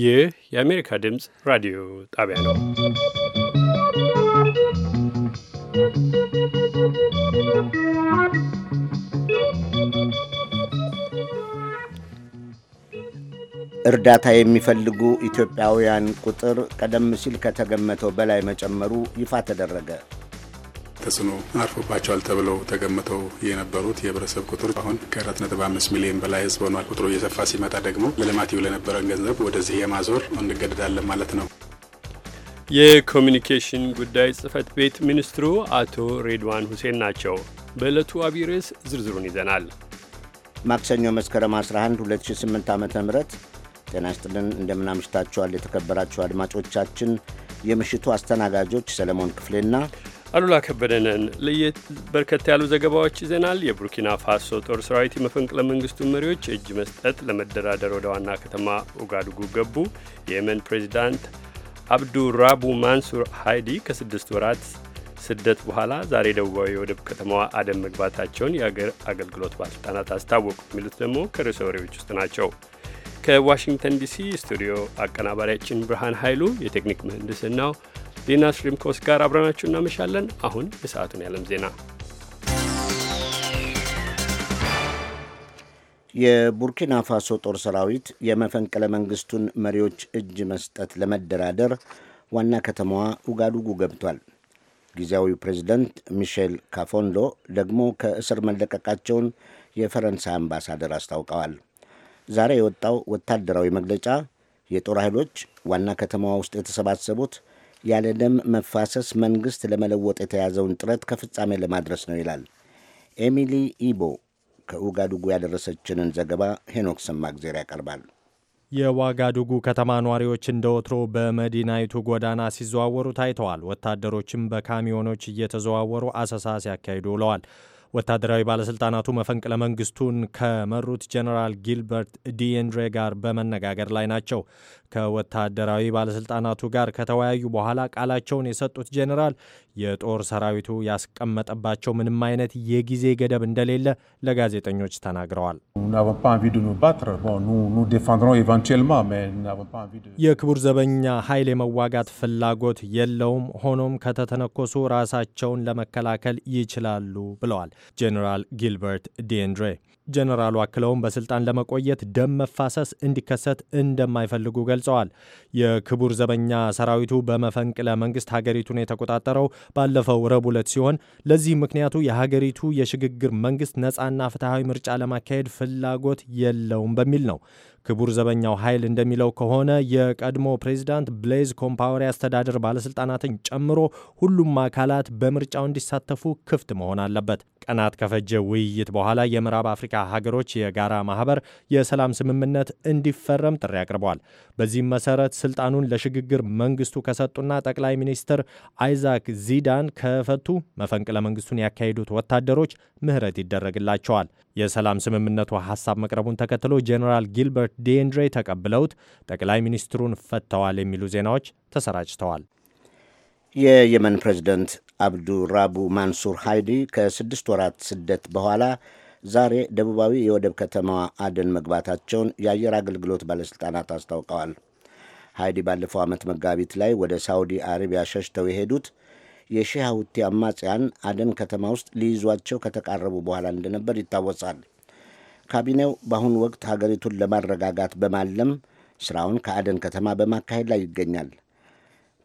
ይህ የአሜሪካ ድምፅ ራዲዮ ጣቢያ ነው። እርዳታ የሚፈልጉ ኢትዮጵያውያን ቁጥር ቀደም ሲል ከተገመተው በላይ መጨመሩ ይፋ ተደረገ። ተጽዕኖ አርፎባቸዋል ተብለው ተገምተው የነበሩት የህብረተሰብ ቁጥር አሁን ከአራት ነጥብ አምስት ሚሊዮን በላይ ህዝብ ሆኗል። ቁጥሩ እየሰፋ ሲመጣ ደግሞ ለልማት ይውል የነበረን ገንዘብ ወደዚህ የማዞር እንገደዳለን ማለት ነው። የኮሚኒኬሽን ጉዳይ ጽህፈት ቤት ሚኒስትሩ አቶ ሬድዋን ሁሴን ናቸው። በዕለቱ አብይ ርዕስ ዝርዝሩን ይዘናል። ማክሰኞ መስከረም 11 2008 ዓ ም ጤና ይስጥልን እንደምናምሽታችኋል የተከበራችሁ አድማጮቻችን። የምሽቱ አስተናጋጆች ሰለሞን ክፍሌና አሉላ ከበደነን ለየት በርከት ያሉ ዘገባዎች ይዘናል። የቡርኪና ፋሶ ጦር ሰራዊት የመፈንቅለ መንግስቱን መሪዎች እጅ መስጠት ለመደራደር ወደ ዋና ከተማ ኡጋድጉ ገቡ። የየመን ፕሬዚዳንት አብዱ ራቡ ማንሱር ሃይዲ ከስድስት ወራት ስደት በኋላ ዛሬ ደቡባዊ ወደብ ከተማዋ አደን መግባታቸውን የአገር አገልግሎት ባለስልጣናት አስታወቁ። የሚሉት ደግሞ ከርዕሰ ወሬዎች ውስጥ ናቸው። ከዋሽንግተን ዲሲ ስቱዲዮ አቀናባሪያችን ብርሃን ኃይሉ የቴክኒክ ምህንድስናው ዲና ኮስ ጋር አብረናችሁ እናመሻለን። አሁን የሰዓቱን ያለም ዜና የቡርኪና ፋሶ ጦር ሰራዊት የመፈንቅለ መንግስቱን መሪዎች እጅ መስጠት ለመደራደር ዋና ከተማዋ ኡጋዱጉ ገብቷል። ጊዜያዊው ፕሬዚደንት ሚሼል ካፎንዶ ደግሞ ከእስር መለቀቃቸውን የፈረንሳይ አምባሳደር አስታውቀዋል። ዛሬ የወጣው ወታደራዊ መግለጫ የጦር ኃይሎች ዋና ከተማዋ ውስጥ የተሰባሰቡት ያለ ደም መፋሰስ መንግሥት ለመለወጥ የተያዘውን ጥረት ከፍጻሜ ለማድረስ ነው ይላል። ኤሚሊ ኢቦ ከኡጋዱጉ ያደረሰችንን ዘገባ ሄኖክ ሰማግዜር ያቀርባል። የዋጋዱጉ ከተማ ነዋሪዎች እንደ ወትሮ በመዲናይቱ ጎዳና ሲዘዋወሩ ታይተዋል። ወታደሮችም በካሚዮኖች እየተዘዋወሩ አሰሳ ሲያካሂዱ ውለዋል። ወታደራዊ ባለሥልጣናቱ መፈንቅለ መንግስቱን ከመሩት ጀነራል ጊልበርት ዲኤንድሬ ጋር በመነጋገር ላይ ናቸው። ከወታደራዊ ባለሥልጣናቱ ጋር ከተወያዩ በኋላ ቃላቸውን የሰጡት ጀነራል የጦር ሰራዊቱ ያስቀመጠባቸው ምንም አይነት የጊዜ ገደብ እንደሌለ ለጋዜጠኞች ተናግረዋል። የክቡር ዘበኛ ኃይል የመዋጋት ፍላጎት የለውም፣ ሆኖም ከተተነኮሱ ራሳቸውን ለመከላከል ይችላሉ ብለዋል ጄኔራል ጊልበርት ዲንድሬ ጀነራሉ አክለውም በስልጣን ለመቆየት ደም መፋሰስ እንዲከሰት እንደማይፈልጉ ገልጸዋል። የክቡር ዘበኛ ሰራዊቱ በመፈንቅለ መንግስት ሀገሪቱን የተቆጣጠረው ባለፈው ረቡዕ ዕለት ሲሆን ለዚህ ምክንያቱ የሀገሪቱ የሽግግር መንግስት ነፃና ፍትሐዊ ምርጫ ለማካሄድ ፍላጎት የለውም በሚል ነው። ክቡር ዘበኛው ኃይል እንደሚለው ከሆነ የቀድሞ ፕሬዚዳንት ብሌዝ ኮምፓወሪ አስተዳደር ባለሥልጣናትን ጨምሮ ሁሉም አካላት በምርጫው እንዲሳተፉ ክፍት መሆን አለበት። ቀናት ከፈጀ ውይይት በኋላ የምዕራብ አፍሪካ ሀገሮች የጋራ ማህበር የሰላም ስምምነት እንዲፈረም ጥሪ አቅርበዋል። በዚህም መሰረት ስልጣኑን ለሽግግር መንግስቱ ከሰጡና ጠቅላይ ሚኒስትር አይዛክ ዚዳን ከፈቱ መፈንቅለ መንግስቱን ያካሄዱት ወታደሮች ምህረት ይደረግላቸዋል። የሰላም ስምምነቱ ሐሳብ መቅረቡን ተከትሎ ጄኔራል ጊልበርት ዴንድሬ ተቀብለውት ጠቅላይ ሚኒስትሩን ፈትተዋል የሚሉ ዜናዎች ተሰራጭተዋል። የየመን ፕሬዚደንት አብዱራቡ ማንሱር ሃይዲ ከስድስት ወራት ስደት በኋላ ዛሬ ደቡባዊ የወደብ ከተማዋ አደን መግባታቸውን የአየር አገልግሎት ባለሥልጣናት አስታውቀዋል። ሃይዲ ባለፈው ዓመት መጋቢት ላይ ወደ ሳውዲ አረቢያ ሸሽተው የሄዱት የሺህ ሀውቲ አማጽያን አደን ከተማ ውስጥ ሊይዟቸው ከተቃረቡ በኋላ እንደነበር ይታወሳል። ካቢኔው በአሁኑ ወቅት ሀገሪቱን ለማረጋጋት በማለም ስራውን ከአደን ከተማ በማካሄድ ላይ ይገኛል።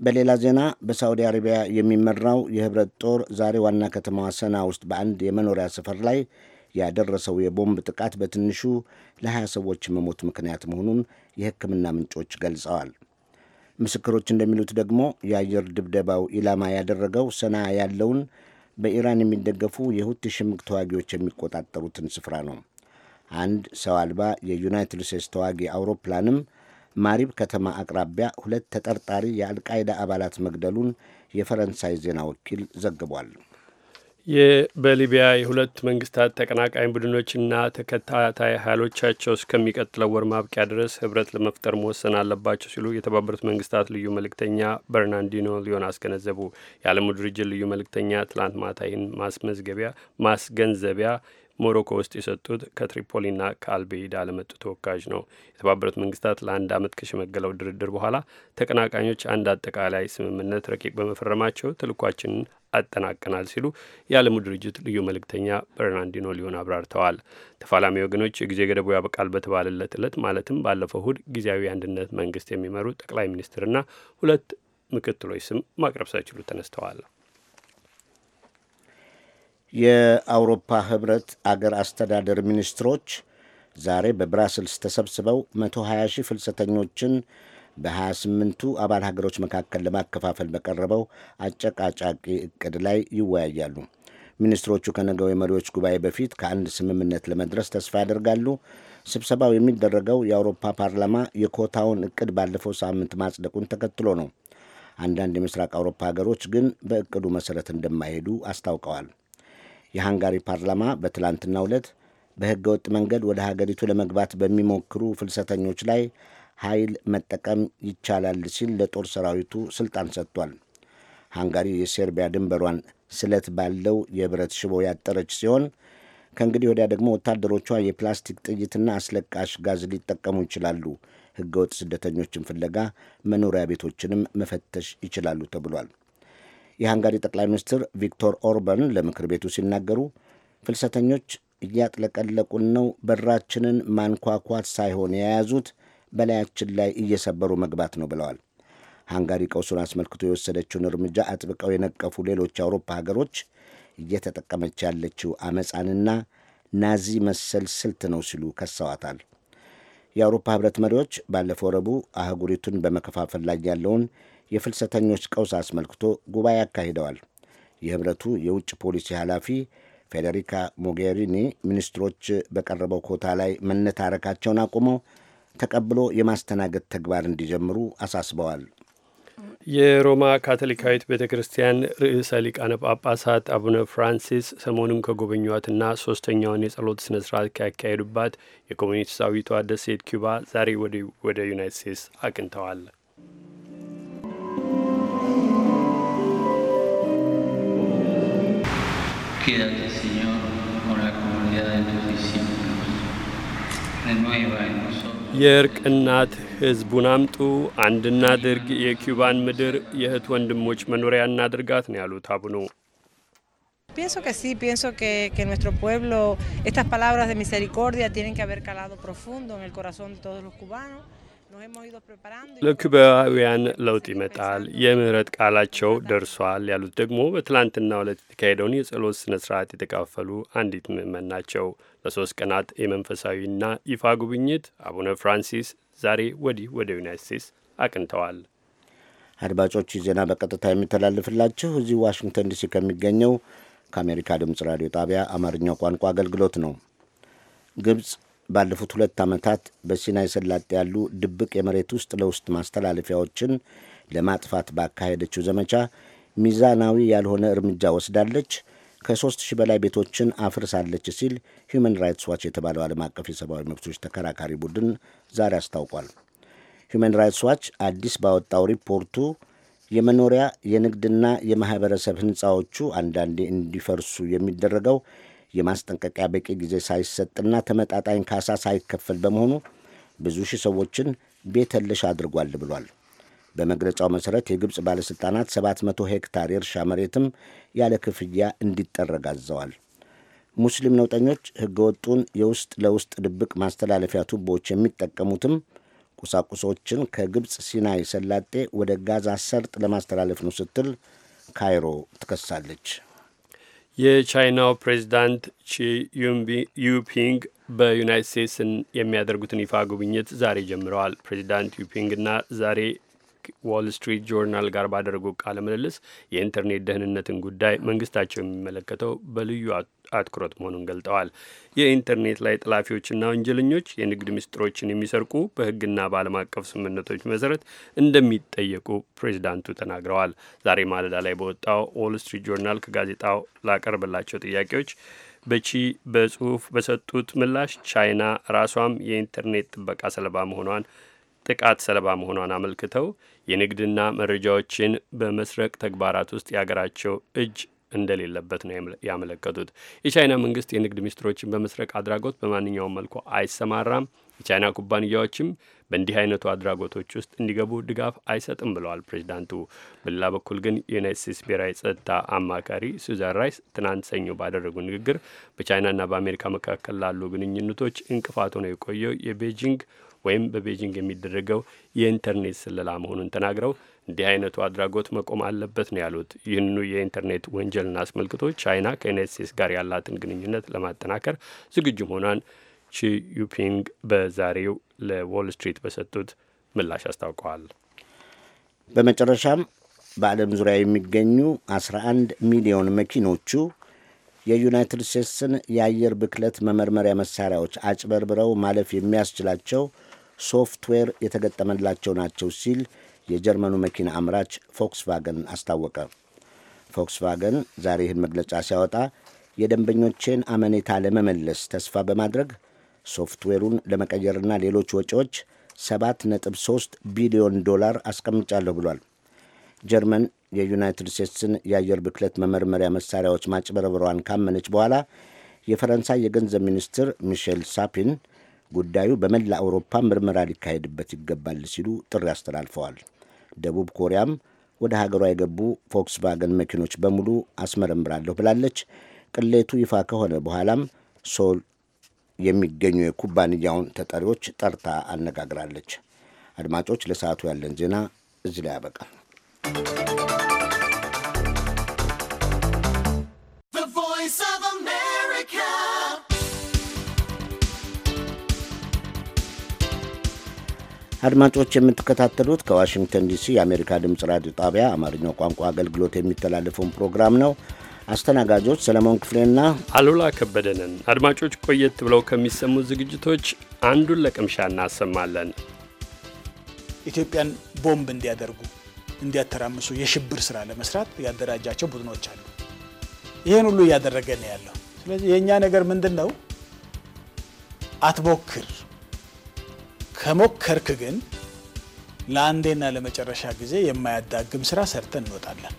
በሌላ ዜና በሳዑዲ አረቢያ የሚመራው የህብረት ጦር ዛሬ ዋና ከተማዋ ሰና ውስጥ በአንድ የመኖሪያ ሰፈር ላይ ያደረሰው የቦምብ ጥቃት በትንሹ ለ20 ሰዎች መሞት ምክንያት መሆኑን የሕክምና ምንጮች ገልጸዋል። ምስክሮች እንደሚሉት ደግሞ የአየር ድብደባው ኢላማ ያደረገው ሰና ያለውን በኢራን የሚደገፉ የሁቲ ሽምቅ ተዋጊዎች የሚቆጣጠሩትን ስፍራ ነው። አንድ ሰው አልባ የዩናይትድ ስቴትስ ተዋጊ አውሮፕላንም ማሪብ ከተማ አቅራቢያ ሁለት ተጠርጣሪ የአልቃይዳ አባላት መግደሉን የፈረንሳይ ዜና ወኪል ዘግቧል። በሊቢያ የሁለት መንግስታት ተቀናቃኝ ቡድኖችና ተከታታይ ኃይሎቻቸው እስከሚቀጥለው ወር ማብቂያ ድረስ ህብረት ለመፍጠር መወሰን አለባቸው ሲሉ የተባበሩት መንግስታት ልዩ መልእክተኛ በርናንዲኖ ሊዮን አስገነዘቡ። የዓለሙ ድርጅት ልዩ መልእክተኛ ትላንት ማታ ይህን ማስመዝገቢያ ማስገንዘቢያ ሞሮኮ ውስጥ የሰጡት ከትሪፖሊና ከአልቤይዳ ለመጡ ተወካዮች ነው። የተባበሩት መንግስታት ለአንድ አመት ከሸመገለው ድርድር በኋላ ተቀናቃኞች አንድ አጠቃላይ ስምምነት ረቂቅ በመፈረማቸው ተልኳችንን አጠናቀናል ሲሉ የዓለሙ ድርጅት ልዩ መልእክተኛ በርናንዲኖ ሊዮን አብራርተዋል። ተፋላሚ ወገኖች የጊዜ ገደቡ ያበቃል በተባለለት ዕለት ማለትም ባለፈው እሁድ ጊዜያዊ አንድነት መንግስት የሚመሩ ጠቅላይ ሚኒስትርና ሁለት ምክትሎች ስም ማቅረብ ሳይችሉ ተነስተዋል። የአውሮፓ ህብረት አገር አስተዳደር ሚኒስትሮች ዛሬ በብራስልስ ተሰብስበው 120 ሺህ ፍልሰተኞችን በ28ቱ አባል ሀገሮች መካከል ለማከፋፈል በቀረበው አጨቃጫቂ እቅድ ላይ ይወያያሉ። ሚኒስትሮቹ ከነገው የመሪዎች ጉባኤ በፊት ከአንድ ስምምነት ለመድረስ ተስፋ ያደርጋሉ። ስብሰባው የሚደረገው የአውሮፓ ፓርላማ የኮታውን እቅድ ባለፈው ሳምንት ማጽደቁን ተከትሎ ነው። አንዳንድ የምስራቅ አውሮፓ ሀገሮች ግን በእቅዱ መሠረት እንደማይሄዱ አስታውቀዋል። የሃንጋሪ ፓርላማ በትላንትናው ዕለት በሕገ ወጥ መንገድ ወደ ሀገሪቱ ለመግባት በሚሞክሩ ፍልሰተኞች ላይ ኃይል መጠቀም ይቻላል ሲል ለጦር ሰራዊቱ ስልጣን ሰጥቷል። ሃንጋሪ የሴርቢያ ድንበሯን ስለት ባለው የብረት ሽቦ ያጠረች ሲሆን ከእንግዲህ ወዲያ ደግሞ ወታደሮቿ የፕላስቲክ ጥይትና አስለቃሽ ጋዝ ሊጠቀሙ ይችላሉ። ህገወጥ ስደተኞችን ፍለጋ መኖሪያ ቤቶችንም መፈተሽ ይችላሉ ተብሏል። የሃንጋሪ ጠቅላይ ሚኒስትር ቪክቶር ኦርባን ለምክር ቤቱ ሲናገሩ ፍልሰተኞች እያጥለቀለቁን ነው፣ በራችንን ማንኳኳት ሳይሆን የያዙት በላያችን ላይ እየሰበሩ መግባት ነው ብለዋል። ሃንጋሪ ቀውሱን አስመልክቶ የወሰደችውን እርምጃ አጥብቀው የነቀፉ ሌሎች የአውሮፓ ሀገሮች እየተጠቀመች ያለችው አመፃንና ናዚ መሰል ስልት ነው ሲሉ ከሰዋታል። የአውሮፓ ህብረት መሪዎች ባለፈው ረቡዕ አህጉሪቱን በመከፋፈል ላይ ያለውን የፍልሰተኞች ቀውስ አስመልክቶ ጉባኤ አካሂደዋል። የህብረቱ የውጭ ፖሊሲ ኃላፊ ፌዴሪካ ሞጌሪኒ ሚኒስትሮች በቀረበው ኮታ ላይ መነታረካቸውን አቁመው ተቀብሎ የማስተናገድ ተግባር እንዲጀምሩ አሳስበዋል። የሮማ ካቶሊካዊት ቤተ ክርስቲያን ርዕሰ ሊቃነ ጳጳሳት አቡነ ፍራንሲስ ሰሞኑን ከጎበኟትና ሶስተኛውን የጸሎት ስነ ስርዓት ካካሄዱባት የኮሚኒስታዊቷ ደሴት ኪዩባ ዛሬ ወደ ዩናይት ስቴትስ አቅንተዋል። Pienso que sí, pienso que, que nuestro pueblo, estas palabras de misericordia tienen que haber calado profundo en el corazón de todos los cubanos. ለኩባውያን ለውጥ ይመጣል የምህረት ቃላቸው ደርሷል ያሉት ደግሞ በትላንትና ዕለት የተካሄደውን የጸሎት ስነ ስርዓት የተካፈሉ አንዲት ምዕመን ናቸው። ለሶስት ቀናት የመንፈሳዊና ይፋ ጉብኝት አቡነ ፍራንሲስ ዛሬ ወዲህ ወደ ዩናይት ስቴትስ አቅንተዋል። አድማጮች ዜና በቀጥታ የሚተላልፍላችሁ እዚህ ዋሽንግተን ዲሲ ከሚገኘው ከአሜሪካ ድምፅ ራዲዮ ጣቢያ አማርኛው ቋንቋ አገልግሎት ነው። ግብፅ ባለፉት ሁለት ዓመታት በሲናይ ሰላጤ ያሉ ድብቅ የመሬት ውስጥ ለውስጥ ማስተላለፊያዎችን ለማጥፋት ባካሄደችው ዘመቻ ሚዛናዊ ያልሆነ እርምጃ ወስዳለች፣ ከሦስት ሺህ በላይ ቤቶችን አፍርሳለች ሲል ሂውማን ራይትስ ዋች የተባለው ዓለም አቀፍ የሰብአዊ መብቶች ተከራካሪ ቡድን ዛሬ አስታውቋል። ሂውማን ራይትስ ዋች አዲስ ባወጣው ሪፖርቱ የመኖሪያ የንግድና የማኅበረሰብ ሕንፃዎቹ አንዳንዴ እንዲፈርሱ የሚደረገው የማስጠንቀቂያ በቂ ጊዜ ሳይሰጥና ተመጣጣኝ ካሳ ሳይከፈል በመሆኑ ብዙ ሺህ ሰዎችን ቤተልሽ አድርጓል ብሏል። በመግለጫው መሠረት የግብፅ ባለሥልጣናት 700 ሄክታር የእርሻ መሬትም ያለ ክፍያ እንዲጠረግ አዘዋል። ሙስሊም ነውጠኞች ሕገወጡን የውስጥ ለውስጥ ድብቅ ማስተላለፊያ ቱቦዎች የሚጠቀሙትም ቁሳቁሶችን ከግብፅ ሲናይ ሰላጤ ወደ ጋዛ ሰርጥ ለማስተላለፍ ነው ስትል ካይሮ ትከሳለች። የቻይናው ፕሬዚዳንት ቺ ዩፒንግ በዩናይት ስቴትስ የሚያደርጉትን ይፋ ጉብኝት ዛሬ ጀምረዋል። ፕሬዚዳንት ዩፒንግና ዛሬ ዋል ስትሪት ጆርናል ጋር ባደረጉ ቃለ ምልልስ የኢንተርኔት ደህንነትን ጉዳይ መንግስታቸው የሚመለከተው በልዩ አትኩሮት መሆኑን ገልጠዋል። የኢንተርኔት ላይ ጠላፊዎችና ወንጀለኞች የንግድ ምስጢሮችን የሚሰርቁ በህግና በዓለም አቀፍ ስምምነቶች መሰረት እንደሚጠየቁ ፕሬዚዳንቱ ተናግረዋል። ዛሬ ማለዳ ላይ በወጣው ዋል ስትሪት ጆርናል ከጋዜጣው ላቀርበላቸው ጥያቄዎች በቺ በጽሁፍ በሰጡት ምላሽ ቻይና ራሷም የኢንተርኔት ጥበቃ ሰለባ መሆኗን ጥቃት ሰለባ መሆኗን አመልክተው የንግድና መረጃዎችን በመስረቅ ተግባራት ውስጥ የሀገራቸው እጅ እንደሌለበት ነው ያመለከቱት። የቻይና መንግስት የንግድ ሚኒስትሮችን በመስረቅ አድራጎት በማንኛውም መልኩ አይሰማራም፣ የቻይና ኩባንያዎችም በእንዲህ አይነቱ አድራጎቶች ውስጥ እንዲገቡ ድጋፍ አይሰጥም ብለዋል ፕሬዚዳንቱ። በሌላ በኩል ግን የዩናይት ስቴትስ ብሔራዊ ጸጥታ አማካሪ ሱዛን ራይስ ትናንት ሰኞ ባደረጉ ንግግር በቻይናና በአሜሪካ መካከል ላሉ ግንኙነቶች እንቅፋት ሆነው የቆየው የቤጂንግ ወይም በቤጂንግ የሚደረገው የኢንተርኔት ስለላ መሆኑን ተናግረው እንዲህ አይነቱ አድራጎት መቆም አለበት ነው ያሉት። ይህንኑ የኢንተርኔት ወንጀልን አስመልክቶ ቻይና ከዩናይት ስቴትስ ጋር ያላትን ግንኙነት ለማጠናከር ዝግጁ መሆኗን ዩፒንግ በዛሬው ለዎል ስትሪት በሰጡት ምላሽ አስታውቀዋል። በመጨረሻም በዓለም ዙሪያ የሚገኙ 11 ሚሊዮን መኪኖቹ የዩናይትድ ስቴትስን የአየር ብክለት መመርመሪያ መሳሪያዎች አጭበርብረው ማለፍ የሚያስችላቸው ሶፍትዌር የተገጠመላቸው ናቸው ሲል የጀርመኑ መኪና አምራች ፎክስቫገን አስታወቀ። ፎክስቫገን ዛሬ ይህን መግለጫ ሲያወጣ የደንበኞቼን አመኔታ ለመመለስ ተስፋ በማድረግ ሶፍትዌሩን ለመቀየርና ሌሎች ወጪዎች 7.3 ቢሊዮን ዶላር አስቀምጫለሁ ብሏል። ጀርመን የዩናይትድ ስቴትስን የአየር ብክለት መመርመሪያ መሳሪያዎች ማጭበርበሯን ካመነች በኋላ የፈረንሳይ የገንዘብ ሚኒስትር ሚሼል ሳፒን ጉዳዩ በመላ አውሮፓ ምርመራ ሊካሄድበት ይገባል ሲሉ ጥሪ አስተላልፈዋል። ደቡብ ኮሪያም ወደ ሀገሯ የገቡ ፎክስቫገን መኪኖች በሙሉ አስመረምራለሁ ብላለች። ቅሌቱ ይፋ ከሆነ በኋላም ሶል የሚገኙ የኩባንያውን ተጠሪዎች ጠርታ አነጋግራለች። አድማጮች፣ ለሰዓቱ ያለን ዜና እዚህ ላይ ያበቃል። አድማጮች የምትከታተሉት ከዋሽንግተን ዲሲ የአሜሪካ ድምፅ ራዲዮ ጣቢያ አማርኛው ቋንቋ አገልግሎት የሚተላለፈውን ፕሮግራም ነው። አስተናጋጆች ሰለሞን ክፍሌና አሉላ ከበደንን። አድማጮች ቆየት ብለው ከሚሰሙት ዝግጅቶች አንዱን ለቅምሻ እናሰማለን። ኢትዮጵያን ቦምብ እንዲያደርጉ እንዲያተራምሱ የሽብር ስራ ለመስራት ያደራጃቸው ቡድኖች አሉ። ይህን ሁሉ እያደረገ ነው ያለው። ስለዚህ የእኛ ነገር ምንድን ነው? አትሞክር ከሞከርክ ግን ለአንዴና ለመጨረሻ ጊዜ የማያዳግም ስራ ሰርተን እንወጣለን።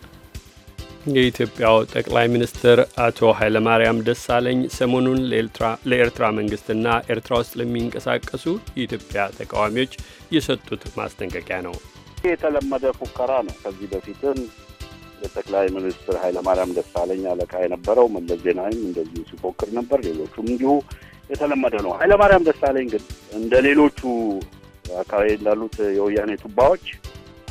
የኢትዮጵያው ጠቅላይ ሚኒስትር አቶ ኃይለማርያም ደሳለኝ ሰሞኑን ለኤርትራ መንግስትና ኤርትራ ውስጥ ለሚንቀሳቀሱ የኢትዮጵያ ተቃዋሚዎች የሰጡት ማስጠንቀቂያ ነው። የተለመደ ፉከራ ነው። ከዚህ በፊትም የጠቅላይ ሚኒስትር ኃይለማርያም ደሳለኝ አለቃ የነበረው መለስ ዜናዊም እንደዚሁ ሲፎክር ነበር። ሌሎቹም እንዲሁ የተለመደ ነው። ኃይለማርያም ደሳለኝ ግን እንደ ሌሎቹ አካባቢ እንዳሉት የወያኔ ቱባዎች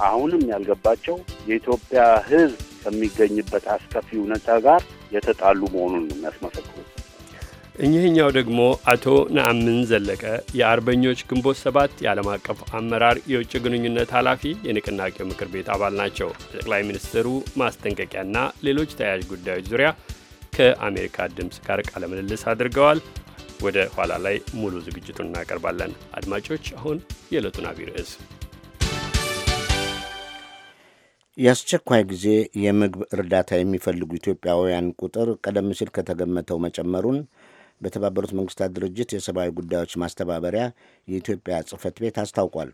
አሁንም ያልገባቸው የኢትዮጵያ ሕዝብ ከሚገኝበት አስከፊ እውነታ ጋር የተጣሉ መሆኑን የሚያስመሰክሩት። እኚህኛው ደግሞ አቶ ነአምን ዘለቀ የአርበኞች ግንቦት ሰባት የዓለም አቀፍ አመራር የውጭ ግንኙነት ኃላፊ የንቅናቄው ምክር ቤት አባል ናቸው። ጠቅላይ ሚኒስትሩ ማስጠንቀቂያና ሌሎች ተያያዥ ጉዳዮች ዙሪያ ከአሜሪካ ድምፅ ጋር ቃለ ምልልስ አድርገዋል። ወደ ኋላ ላይ ሙሉ ዝግጅቱን እናቀርባለን። አድማጮች፣ አሁን የዕለቱን አብይ ርዕስ የአስቸኳይ ጊዜ የምግብ እርዳታ የሚፈልጉ ኢትዮጵያውያን ቁጥር ቀደም ሲል ከተገመተው መጨመሩን በተባበሩት መንግስታት ድርጅት የሰብአዊ ጉዳዮች ማስተባበሪያ የኢትዮጵያ ጽህፈት ቤት አስታውቋል።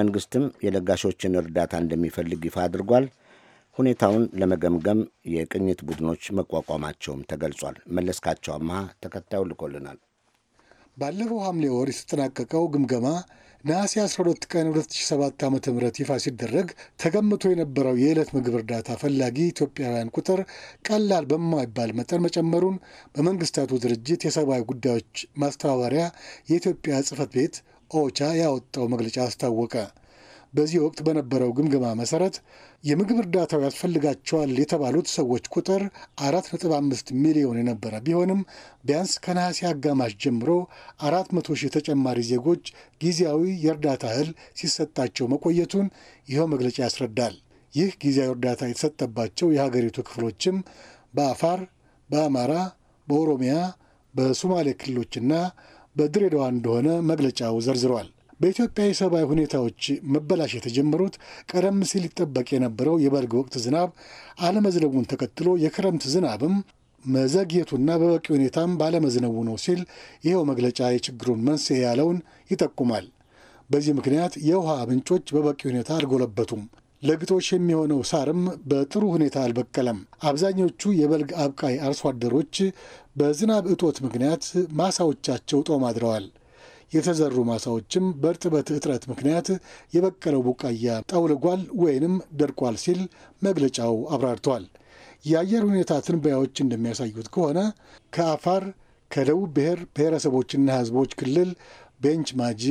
መንግስትም የለጋሾችን እርዳታ እንደሚፈልግ ይፋ አድርጓል። ሁኔታውን ለመገምገም የቅኝት ቡድኖች መቋቋማቸውም ተገልጿል። መለስካቸው አማሃ ተከታዩ ልኮልናል። ባለፈው ሐምሌ ወር የተጠናቀቀው ግምገማ ነሐሴ 12 ቀን 2007 ዓ ም ይፋ ሲደረግ ተገምቶ የነበረው የዕለት ምግብ እርዳታ ፈላጊ ኢትዮጵያውያን ቁጥር ቀላል በማይባል መጠን መጨመሩን በመንግስታቱ ድርጅት የሰብአዊ ጉዳዮች ማስተባበሪያ የኢትዮጵያ ጽህፈት ቤት ኦቻ ያወጣው መግለጫ አስታወቀ። በዚህ ወቅት በነበረው ግምገማ መሰረት የምግብ እርዳታው ያስፈልጋቸዋል የተባሉት ሰዎች ቁጥር 4.5 ሚሊዮን የነበረ ቢሆንም ቢያንስ ከነሐሴ አጋማሽ ጀምሮ አራት ሺህ ተጨማሪ ዜጎች ጊዜያዊ የእርዳታ እህል ሲሰጣቸው መቆየቱን ይኸው መግለጫ ያስረዳል። ይህ ጊዜያዊ እርዳታ የተሰጠባቸው የሀገሪቱ ክፍሎችም በአፋር፣ በአማራ፣ በኦሮሚያ፣ በሶማሌ ክልሎችና በድሬዳዋ እንደሆነ መግለጫው ዘርዝሯል። በኢትዮጵያ የሰብአዊ ሁኔታዎች መበላሽ የተጀመሩት ቀደም ሲል ይጠበቅ የነበረው የበልግ ወቅት ዝናብ አለመዝነቡን ተከትሎ የክረምት ዝናብም መዘግየቱና በበቂ ሁኔታም ባለመዝነቡ ነው ሲል ይኸው መግለጫ የችግሩን መንስኤ ያለውን ይጠቁማል። በዚህ ምክንያት የውሃ ምንጮች በበቂ ሁኔታ አልጎለበቱም። ለግጦሽ የሚሆነው ሳርም በጥሩ ሁኔታ አልበቀለም። አብዛኞቹ የበልግ አብቃይ አርሶ አደሮች በዝናብ እጦት ምክንያት ማሳዎቻቸው ጦም አድረዋል። የተዘሩ ማሳዎችም በእርጥበት እጥረት ምክንያት የበቀለው ቡቃያ ጠውልጓል ወይንም ደርቋል ሲል መግለጫው አብራርቷል። የአየር ሁኔታ ትንበያዎች እንደሚያሳዩት ከሆነ ከአፋር፣ ከደቡብ ብሔር ብሔረሰቦችና ሕዝቦች ክልል ቤንች ማጂ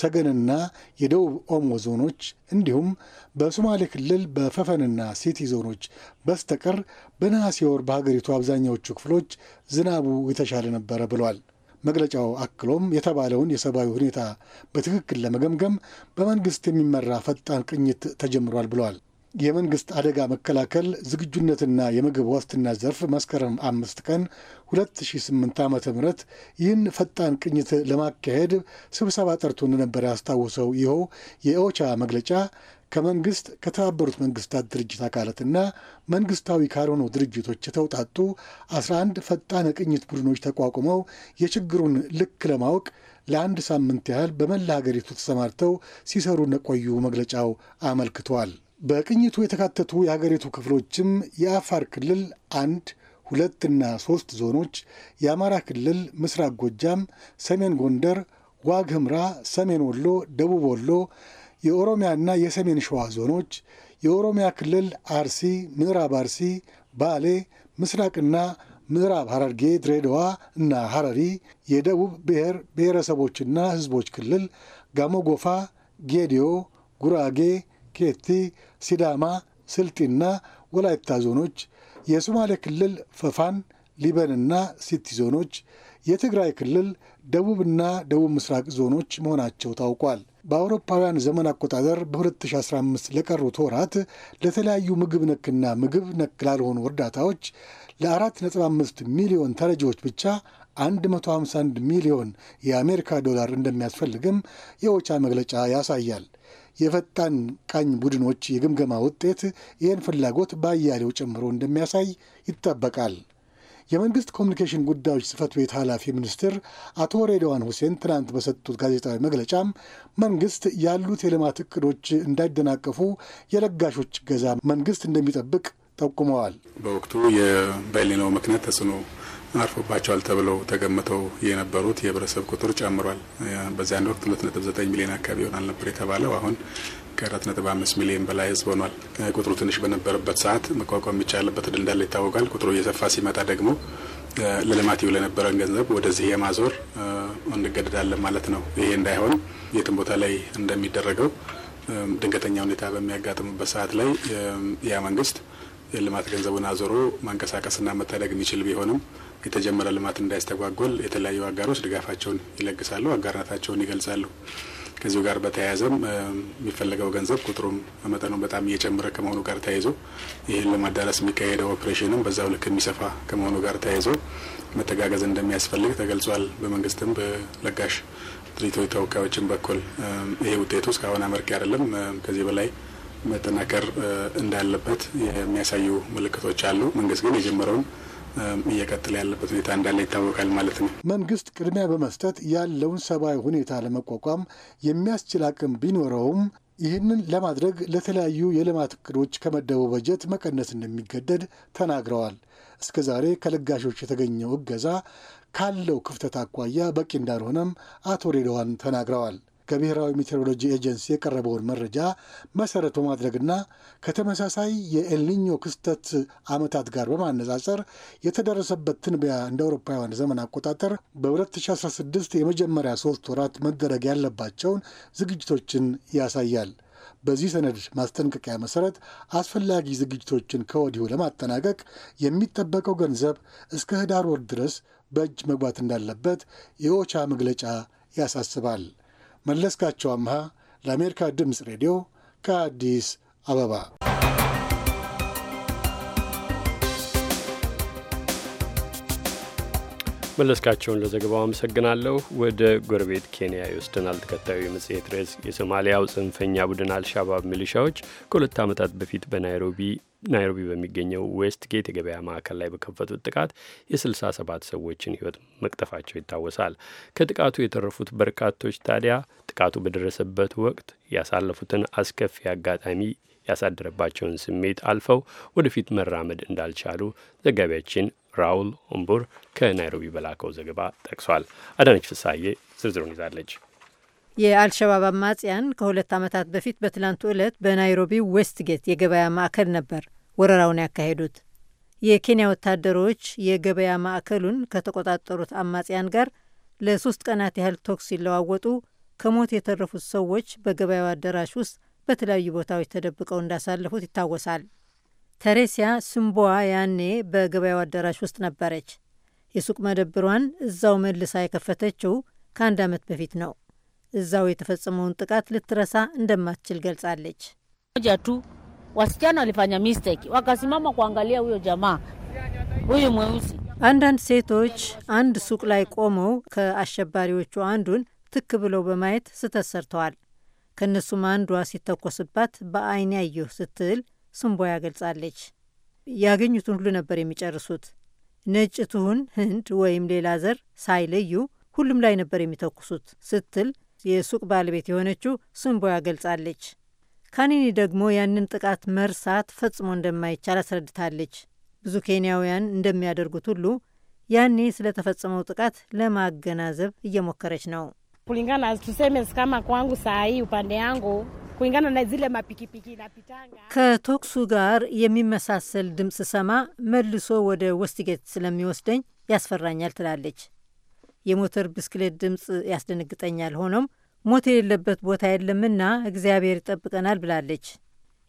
ሰገንና የደቡብ ኦሞ ዞኖች እንዲሁም በሶማሌ ክልል በፈፈንና ሲቲ ዞኖች በስተቀር በነሐሴ ወር በሀገሪቱ አብዛኛዎቹ ክፍሎች ዝናቡ የተሻለ ነበረ ብሏል። መግለጫው አክሎም የተባለውን የሰብአዊ ሁኔታ በትክክል ለመገምገም በመንግስት የሚመራ ፈጣን ቅኝት ተጀምሯል ብለዋል። የመንግስት አደጋ መከላከል ዝግጁነትና የምግብ ዋስትና ዘርፍ መስከረም አምስት ቀን 2008 ዓ ም ይህን ፈጣን ቅኝት ለማካሄድ ስብሰባ ጠርቶ እንደነበረ ያስታውሰው ይኸው የኦቻ መግለጫ ከመንግስት ከተባበሩት መንግስታት ድርጅት አካላትና መንግስታዊ ካልሆኑ ድርጅቶች የተውጣጡ 11 ፈጣን ቅኝት ቡድኖች ተቋቁመው የችግሩን ልክ ለማወቅ ለአንድ ሳምንት ያህል በመላ ሀገሪቱ ተሰማርተው ሲሰሩ እንደቆዩ መግለጫው አመልክቷል። በቅኝቱ የተካተቱ የሀገሪቱ ክፍሎችም የአፋር ክልል አንድ ሁለትና ሶስት ዞኖች፣ የአማራ ክልል ምስራቅ ጎጃም፣ ሰሜን ጎንደር ዋግ ህምራ፣ ሰሜን ወሎ፣ ደቡብ ወሎ፣ የኦሮሚያና የሰሜን ሸዋ ዞኖች፣ የኦሮሚያ ክልል አርሲ፣ ምዕራብ አርሲ፣ ባሌ፣ ምስራቅና ምዕራብ ሐረርጌ፣ ድሬዳዋ እና ሐረሪ፣ የደቡብ ብሔር ብሔረሰቦችና ሕዝቦች ክልል ጋሞጎፋ፣ ጌዲዮ፣ ጉራጌ፣ ኬቲ፣ ሲዳማ፣ ስልጢና ወላይታ ዞኖች፣ የሶማሌ ክልል ፈፋን፣ ሊበንና ሲቲ ዞኖች፣ የትግራይ ክልል ደቡብና ደቡብ ምስራቅ ዞኖች መሆናቸው ታውቋል። በአውሮፓውያን ዘመን አቆጣጠር በ2015 ለቀሩት ወራት ለተለያዩ ምግብ ነክና ምግብ ነክ ላልሆኑ እርዳታዎች ለ4.5 ሚሊዮን ተረጂዎች ብቻ 151 ሚሊዮን የአሜሪካ ዶላር እንደሚያስፈልግም የኦቻ መግለጫ ያሳያል። የፈጣን ቃኝ ቡድኖች የግምገማ ውጤት ይህን ፍላጎት በአያሌው ጨምሮ እንደሚያሳይ ይጠበቃል። የመንግስት ኮሚኒኬሽን ጉዳዮች ጽህፈት ቤት ኃላፊ ሚኒስትር አቶ ሬድዋን ሁሴን ትናንት በሰጡት ጋዜጣዊ መግለጫም መንግስት ያሉት የልማት እቅዶች እንዳይደናቀፉ የለጋሾች እገዛ መንግስት እንደሚጠብቅ ጠቁመዋል። በወቅቱ በኤልኒኖ ምክንያት ተጽዕኖ አርፎባቸዋል ተብለው ተገምተው የነበሩት የህብረተሰብ ቁጥር ጨምሯል። በዚያን ወቅት 2.9 ሚሊዮን አካባቢ ይሆናል ነበር የተባለው አሁን ከ4.5 ሚሊዮን በላይ ህዝብ ሆኗል። ቁጥሩ ትንሽ በነበረበት ሰዓት መቋቋም የሚቻልበት እድል እንዳለ ይታወቃል። ቁጥሩ እየሰፋ ሲመጣ ደግሞ ለልማት ይውል የነበረን ገንዘብ ወደዚህ የማዞር እንገደዳለን ማለት ነው። ይሄ እንዳይሆን የትም ቦታ ላይ እንደሚደረገው ድንገተኛ ሁኔታ በሚያጋጥምበት ሰዓት ላይ ያ መንግስት የልማት ገንዘቡን አዞሮ ማንቀሳቀስና መታደግ የሚችል ቢሆንም የተጀመረ ልማት እንዳይስተጓጎል የተለያዩ አጋሮች ድጋፋቸውን ይለግሳሉ፣ አጋርነታቸውን ይገልጻሉ። ከዚሁ ጋር በተያያዘም የሚፈለገው ገንዘብ ቁጥሩም መጠኑም በጣም እየጨመረ ከመሆኑ ጋር ተያይዞ ይህን ለማዳረስ የሚካሄደው ኦፕሬሽንም በዛው ልክ የሚሰፋ ከመሆኑ ጋር ተያይዞ መተጋገዝ እንደሚያስፈልግ ተገልጿል። በመንግስትም በለጋሽ ድርጅቶች ተወካዮችን በኩል ይሄ ውጤቱ እስካሁን አመርቂ አይደለም፣ ከዚህ በላይ መጠናከር እንዳለበት የሚያሳዩ ምልክቶች አሉ። መንግስት ግን የጀመረውን እየቀጠለ ያለበት ሁኔታ እንዳለ ይታወቃል ማለት ነው። መንግስት ቅድሚያ በመስጠት ያለውን ሰብአዊ ሁኔታ ለመቋቋም የሚያስችል አቅም ቢኖረውም ይህንን ለማድረግ ለተለያዩ የልማት እቅዶች ከመደበው በጀት መቀነስ እንደሚገደድ ተናግረዋል። እስከ ዛሬ ከለጋሾች የተገኘው እገዛ ካለው ክፍተት አኳያ በቂ እንዳልሆነም አቶ ሬድዋን ተናግረዋል። ከብሔራዊ ሜትሮሎጂ ኤጀንሲ የቀረበውን መረጃ መሰረት በማድረግና ከተመሳሳይ የኤልኒኞ ክስተት ዓመታት ጋር በማነጻጸር የተደረሰበት ትንበያ እንደ አውሮፓውያን ዘመን አቆጣጠር በ2016 የመጀመሪያ ሶስት ወራት መደረግ ያለባቸውን ዝግጅቶችን ያሳያል። በዚህ ሰነድ ማስጠንቀቂያ መሰረት አስፈላጊ ዝግጅቶችን ከወዲሁ ለማጠናቀቅ የሚጠበቀው ገንዘብ እስከ ህዳር ወር ድረስ በእጅ መግባት እንዳለበት የኦቻ መግለጫ ያሳስባል። መለስካቸው አምሃ ለአሜሪካ ድምፅ ሬዲዮ ከአዲስ አበባ። መለስካቸውን ለዘገባው አመሰግናለሁ። ወደ ጎረቤት ኬንያ ይወስደናል። ተከታዩ የመጽሔት ርዕስ የሶማሊያው ጽንፈኛ ቡድን አልሻባብ ሚሊሻዎች ከሁለት ዓመታት በፊት በናይሮቢ ናይሮቢ በሚገኘው ዌስት ጌት የገበያ ማዕከል ላይ በከፈቱት ጥቃት የ ሰባት ሰዎችን ሕይወት መቅጠፋቸው ይታወሳል። ከጥቃቱ የተረፉት በርካቶች ታዲያ ጥቃቱ በደረሰበት ወቅት ያሳለፉትን አስከፊ አጋጣሚ ያሳደረባቸውን ስሜት አልፈው ወደፊት መራመድ እንዳልቻሉ ዘጋቢያችን ራውል ኦምቡር ከናይሮቢ በላከው ዘገባ ጠቅሷል። አዳነች ፍሳዬ ዝርዝሩን ይዛለች። የአልሸባብ አማጽያን ከሁለት ዓመታት በፊት በትላንቱ ዕለት በናይሮቢ ዌስትጌት የገበያ ማዕከል ነበር ወረራውን ያካሄዱት። የኬንያ ወታደሮች የገበያ ማዕከሉን ከተቆጣጠሩት አማጽያን ጋር ለሶስት ቀናት ያህል ተኩስ ሲለዋወጡ ከሞት የተረፉት ሰዎች በገበያው አዳራሽ ውስጥ በተለያዩ ቦታዎች ተደብቀው እንዳሳለፉት ይታወሳል። ተሬሲያ ስምቦዋ ያኔ በገበያው አዳራሽ ውስጥ ነበረች። የሱቅ መደብሯን እዛው መልሳ የከፈተችው ከአንድ ዓመት በፊት ነው። እዛው የተፈጸመውን ጥቃት ልትረሳ እንደማትችል ገልጻለች። wasichana walifanya mistake, wakasimama kuangalia huyo jamaa huyu mweusi. አንዳንድ ሴቶች አንድ ሱቅ ላይ ቆመው ከአሸባሪዎቹ አንዱን ትክ ብለው በማየት ስህተት ሰርተዋል። ከእነሱም አንዷ ሲተኮስባት በአይን ያየሁ ስትል ስምቦ ያገልጻለች። ያገኙትን ሁሉ ነበር የሚጨርሱት። ነጭ ትሁን ህንድ ወይም ሌላ ዘር ሳይለዩ ሁሉም ላይ ነበር የሚተኩሱት ስትል የሱቅ ባለቤት የሆነችው ስምቦ ያገልጻለች። ካኒኒ ደግሞ ያንን ጥቃት መርሳት ፈጽሞ እንደማይቻል አስረድታለች። ብዙ ኬንያውያን እንደሚያደርጉት ሁሉ ያኔ ስለተፈጸመው ጥቃት ለማገናዘብ እየሞከረች ነው። ከቶክሱ ጋር የሚመሳሰል ድምፅ ሰማ መልሶ ወደ ወስትጌት ስለሚወስደኝ ያስፈራኛል ትላለች። የሞተር ብስክሌት ድምፅ ያስደነግጠኛል። ሆኖም ሞት የሌለበት ቦታ የለምና እግዚአብሔር ይጠብቀናል ብላለች።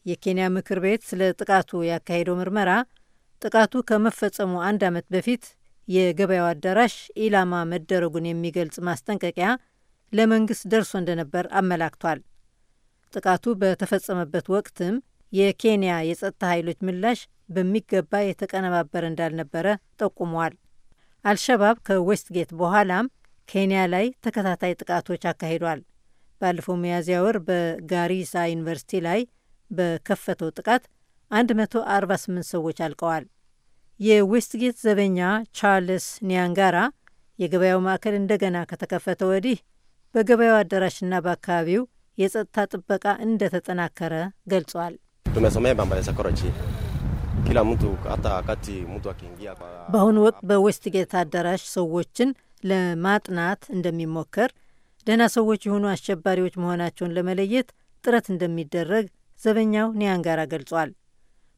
የኬንያ ምክር ቤት ስለ ጥቃቱ ያካሄደው ምርመራ ጥቃቱ ከመፈጸሙ አንድ ዓመት በፊት የገበያው አዳራሽ ኢላማ መደረጉን የሚገልጽ ማስጠንቀቂያ ለመንግስት ደርሶ እንደነበር አመላክቷል። ጥቃቱ በተፈጸመበት ወቅትም የኬንያ የጸጥታ ኃይሎች ምላሽ በሚገባ የተቀነባበረ እንዳልነበረ ጠቁመዋል። አልሸባብ ከዌስትጌት በኋላም ኬንያ ላይ ተከታታይ ጥቃቶች አካሂዷል። ባለፈው ሚያዝያ ወር በጋሪሳ ዩኒቨርሲቲ ላይ በከፈተው ጥቃት 148 ሰዎች አልቀዋል። የዌስትጌት ዘበኛ ቻርልስ ኒያንጋራ የገበያው ማዕከል እንደገና ከተከፈተ ወዲህ በገበያው አዳራሽና በአካባቢው የጸጥታ ጥበቃ እንደተጠናከረ ገልጿል። በአሁኑ ወቅት በዌስትጌት አዳራሽ ሰዎችን ለማጥናት እንደሚሞከር፣ ደህና ሰዎች የሆኑ አሸባሪዎች መሆናቸውን ለመለየት ጥረት እንደሚደረግ ዘበኛው ኒያንጋራ ገልጿል።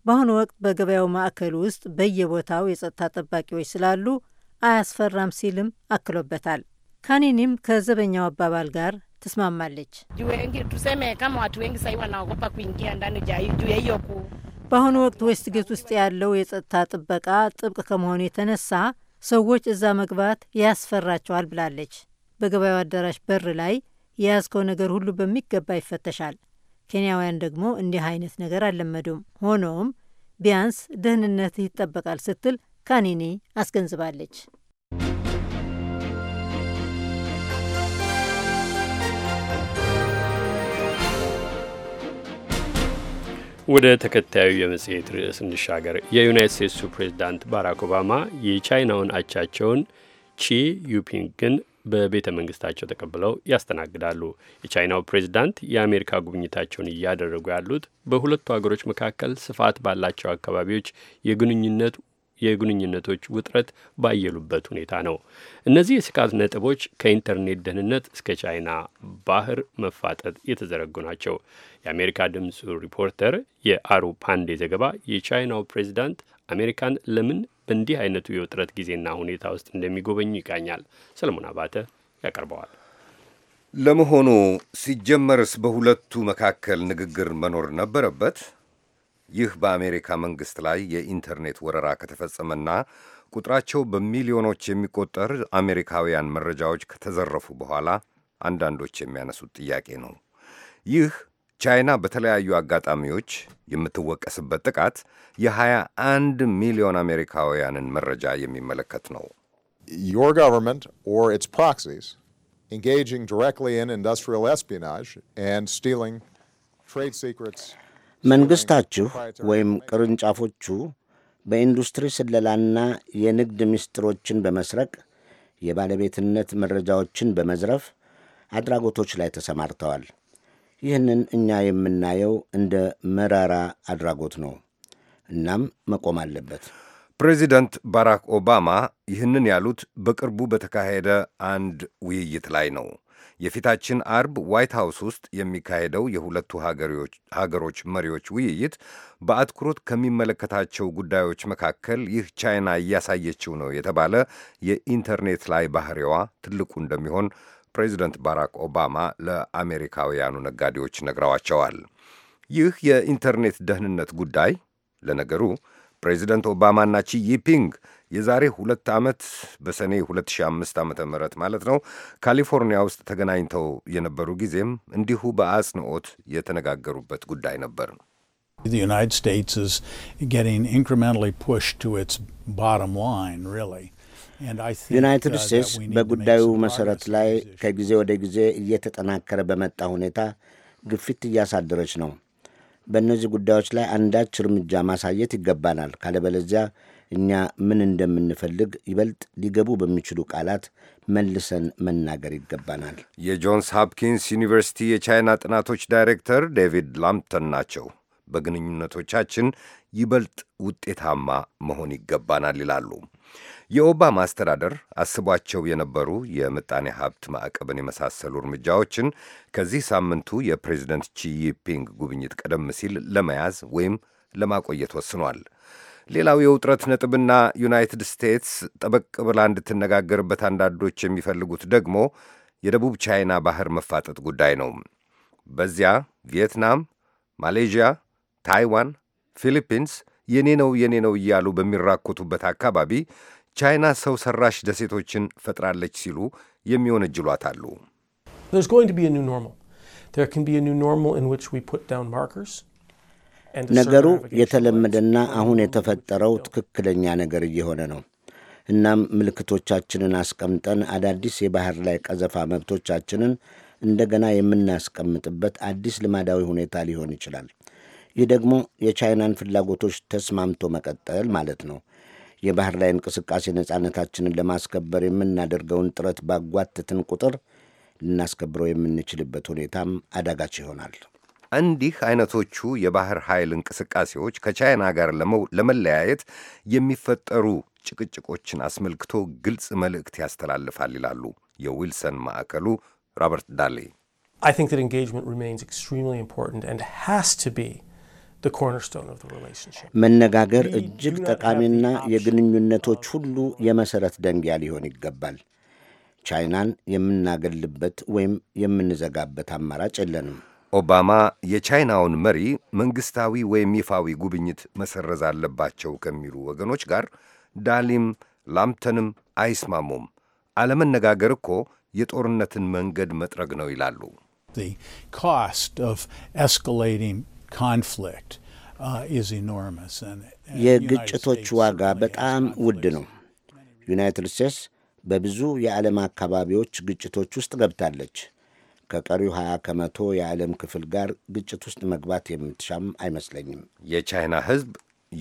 በአሁኑ ወቅት በገበያው ማዕከል ውስጥ በየቦታው የጸጥታ ጠባቂዎች ስላሉ አያስፈራም ሲልም አክሎበታል። ካኒኒም ከዘበኛው አባባል ጋር ትስማማለች። በአሁኑ ወቅት ጌት ውስጥ ያለው የጸጥታ ጥበቃ ጥብቅ ከመሆኑ የተነሳ ሰዎች እዛ መግባት ያስፈራቸዋል ብላለች። በገበያው አዳራሽ በር ላይ የያዝከው ነገር ሁሉ በሚገባ ይፈተሻል። ኬንያውያን ደግሞ እንዲህ አይነት ነገር አልለመዱም። ሆኖም ቢያንስ ደህንነትህ ይጠበቃል ስትል ካኒኒ አስገንዝባለች። ወደ ተከታዩ የመጽሔት ርዕስ እንሻገር። የዩናይት ስቴትሱ ፕሬዚዳንት ባራክ ኦባማ የቻይናውን አቻቸውን ቺ ዩፒንግን በቤተ መንግስታቸው ተቀብለው ያስተናግዳሉ። የቻይናው ፕሬዚዳንት የአሜሪካ ጉብኝታቸውን እያደረጉ ያሉት በሁለቱ ሀገሮች መካከል ስፋት ባላቸው አካባቢዎች የግንኙነት የግንኙነቶች ውጥረት ባየሉበት ሁኔታ ነው። እነዚህ የስጋት ነጥቦች ከኢንተርኔት ደህንነት እስከ ቻይና ባህር መፋጠጥ የተዘረጉ ናቸው። የአሜሪካ ድምፅ ሪፖርተር የአሩ ፓንዴ ዘገባ የቻይናው ፕሬዚዳንት አሜሪካን ለምን በእንዲህ አይነቱ የውጥረት ጊዜና ሁኔታ ውስጥ እንደሚጎበኙ ይቃኛል። ሰለሞን አባተ ያቀርበዋል። ለመሆኑ ሲጀመርስ በሁለቱ መካከል ንግግር መኖር ነበረበት? ይህ በአሜሪካ መንግሥት ላይ የኢንተርኔት ወረራ ከተፈጸመና ቁጥራቸው በሚሊዮኖች የሚቆጠር አሜሪካውያን መረጃዎች ከተዘረፉ በኋላ አንዳንዶች የሚያነሱት ጥያቄ ነው። ይህ ቻይና በተለያዩ አጋጣሚዎች የምትወቀስበት ጥቃት የ21 ሚሊዮን አሜሪካውያንን መረጃ የሚመለከት ነው። Your government or its proxies engaging directly in industrial espionage and stealing trade secrets መንግሥታችሁ ወይም ቅርንጫፎቹ በኢንዱስትሪ ስለላና የንግድ ምስጢሮችን በመስረቅ የባለቤትነት መረጃዎችን በመዝረፍ አድራጎቶች ላይ ተሰማርተዋል። ይህንን እኛ የምናየው እንደ መራራ አድራጎት ነው። እናም መቆም አለበት። ፕሬዚደንት ባራክ ኦባማ ይህንን ያሉት በቅርቡ በተካሄደ አንድ ውይይት ላይ ነው። የፊታችን አርብ ዋይት ሃውስ ውስጥ የሚካሄደው የሁለቱ ሀገሮች መሪዎች ውይይት በአትኩሮት ከሚመለከታቸው ጉዳዮች መካከል ይህ ቻይና እያሳየችው ነው የተባለ የኢንተርኔት ላይ ባህሪዋ ትልቁ እንደሚሆን ፕሬዚደንት ባራክ ኦባማ ለአሜሪካውያኑ ነጋዴዎች ነግረዋቸዋል። ይህ የኢንተርኔት ደህንነት ጉዳይ ለነገሩ ፕሬዚደንት ኦባማና ቺ ጂንፒንግ የዛሬ ሁለት ዓመት በሰኔ 2005 ዓ ም ማለት ነው ካሊፎርኒያ ውስጥ ተገናኝተው የነበሩ ጊዜም እንዲሁ በአጽንኦት የተነጋገሩበት ጉዳይ ነበር። ዩናይትድ ስቴትስ ጌቲንግ ኢንክሪመንታሊ ፑሽድ ቱ ኢትስ ቦተም ላይን ሪሊ ዩናይትድ ስቴትስ በጉዳዩ መሠረት ላይ ከጊዜ ወደ ጊዜ እየተጠናከረ በመጣ ሁኔታ ግፊት እያሳደረች ነው። በእነዚህ ጉዳዮች ላይ አንዳች እርምጃ ማሳየት ይገባናል። ካለበለዚያ እኛ ምን እንደምንፈልግ ይበልጥ ሊገቡ በሚችሉ ቃላት መልሰን መናገር ይገባናል። የጆንስ ሃፕኪንስ ዩኒቨርሲቲ የቻይና ጥናቶች ዳይሬክተር ዴቪድ ላምፕተን ናቸው። በግንኙነቶቻችን ይበልጥ ውጤታማ መሆን ይገባናል ይላሉ። የኦባማ አስተዳደር አስቧቸው የነበሩ የምጣኔ ሀብት ማዕቀብን የመሳሰሉ እርምጃዎችን ከዚህ ሳምንቱ የፕሬዚደንት ቺ ጂንፒንግ ጉብኝት ቀደም ሲል ለመያዝ ወይም ለማቆየት ወስኗል። ሌላው የውጥረት ነጥብና ዩናይትድ ስቴትስ ጠበቅ ብላ እንድትነጋገርበት አንዳንዶች የሚፈልጉት ደግሞ የደቡብ ቻይና ባህር መፋጠጥ ጉዳይ ነው። በዚያ ቪየትናም፣ ማሌዥያ፣ ታይዋን፣ ፊሊፒንስ የኔ ነው የኔ ነው እያሉ በሚራኮቱበት አካባቢ ቻይና ሰው ሰራሽ ደሴቶችን ፈጥራለች ሲሉ የሚወነጅሏት አሉ። There's going to be a new normal. There can be a new normal in which we put down markers. ነገሩ የተለመደና አሁን የተፈጠረው ትክክለኛ ነገር እየሆነ ነው። እናም ምልክቶቻችንን አስቀምጠን አዳዲስ የባህር ላይ ቀዘፋ መብቶቻችንን እንደገና የምናስቀምጥበት አዲስ ልማዳዊ ሁኔታ ሊሆን ይችላል። ይህ ደግሞ የቻይናን ፍላጎቶች ተስማምቶ መቀጠል ማለት ነው። የባህር ላይ እንቅስቃሴ ነፃነታችንን ለማስከበር የምናደርገውን ጥረት ባጓተትን ቁጥር ልናስከብረው የምንችልበት ሁኔታም አዳጋች ይሆናል። እንዲህ አይነቶቹ የባህር ኃይል እንቅስቃሴዎች ከቻይና ጋር ለመለያየት የሚፈጠሩ ጭቅጭቆችን አስመልክቶ ግልጽ መልእክት ያስተላልፋል ይላሉ የዊልሰን ማዕከሉ ሮበርት ዳሌ። መነጋገር እጅግ ጠቃሚና የግንኙነቶች ሁሉ የመሰረት ደንጊያ ሊሆን ይገባል። ቻይናን የምናገልበት ወይም የምንዘጋበት አማራጭ የለንም። ኦባማ የቻይናውን መሪ መንግሥታዊ ወይም ይፋዊ ጉብኝት መሰረዝ አለባቸው ከሚሉ ወገኖች ጋር ዳሊም ላምተንም አይስማሙም። አለመነጋገር እኮ የጦርነትን መንገድ መጥረግ ነው ይላሉ። uh, የግጭቶች ዋጋ በጣም ውድ ነው። ዩናይትድ ስቴትስ በብዙ የዓለም አካባቢዎች ግጭቶች ውስጥ ገብታለች። ከቀሪው 20 ከመቶ የዓለም ክፍል ጋር ግጭት ውስጥ መግባት የምትሻም አይመስለኝም። የቻይና ህዝብ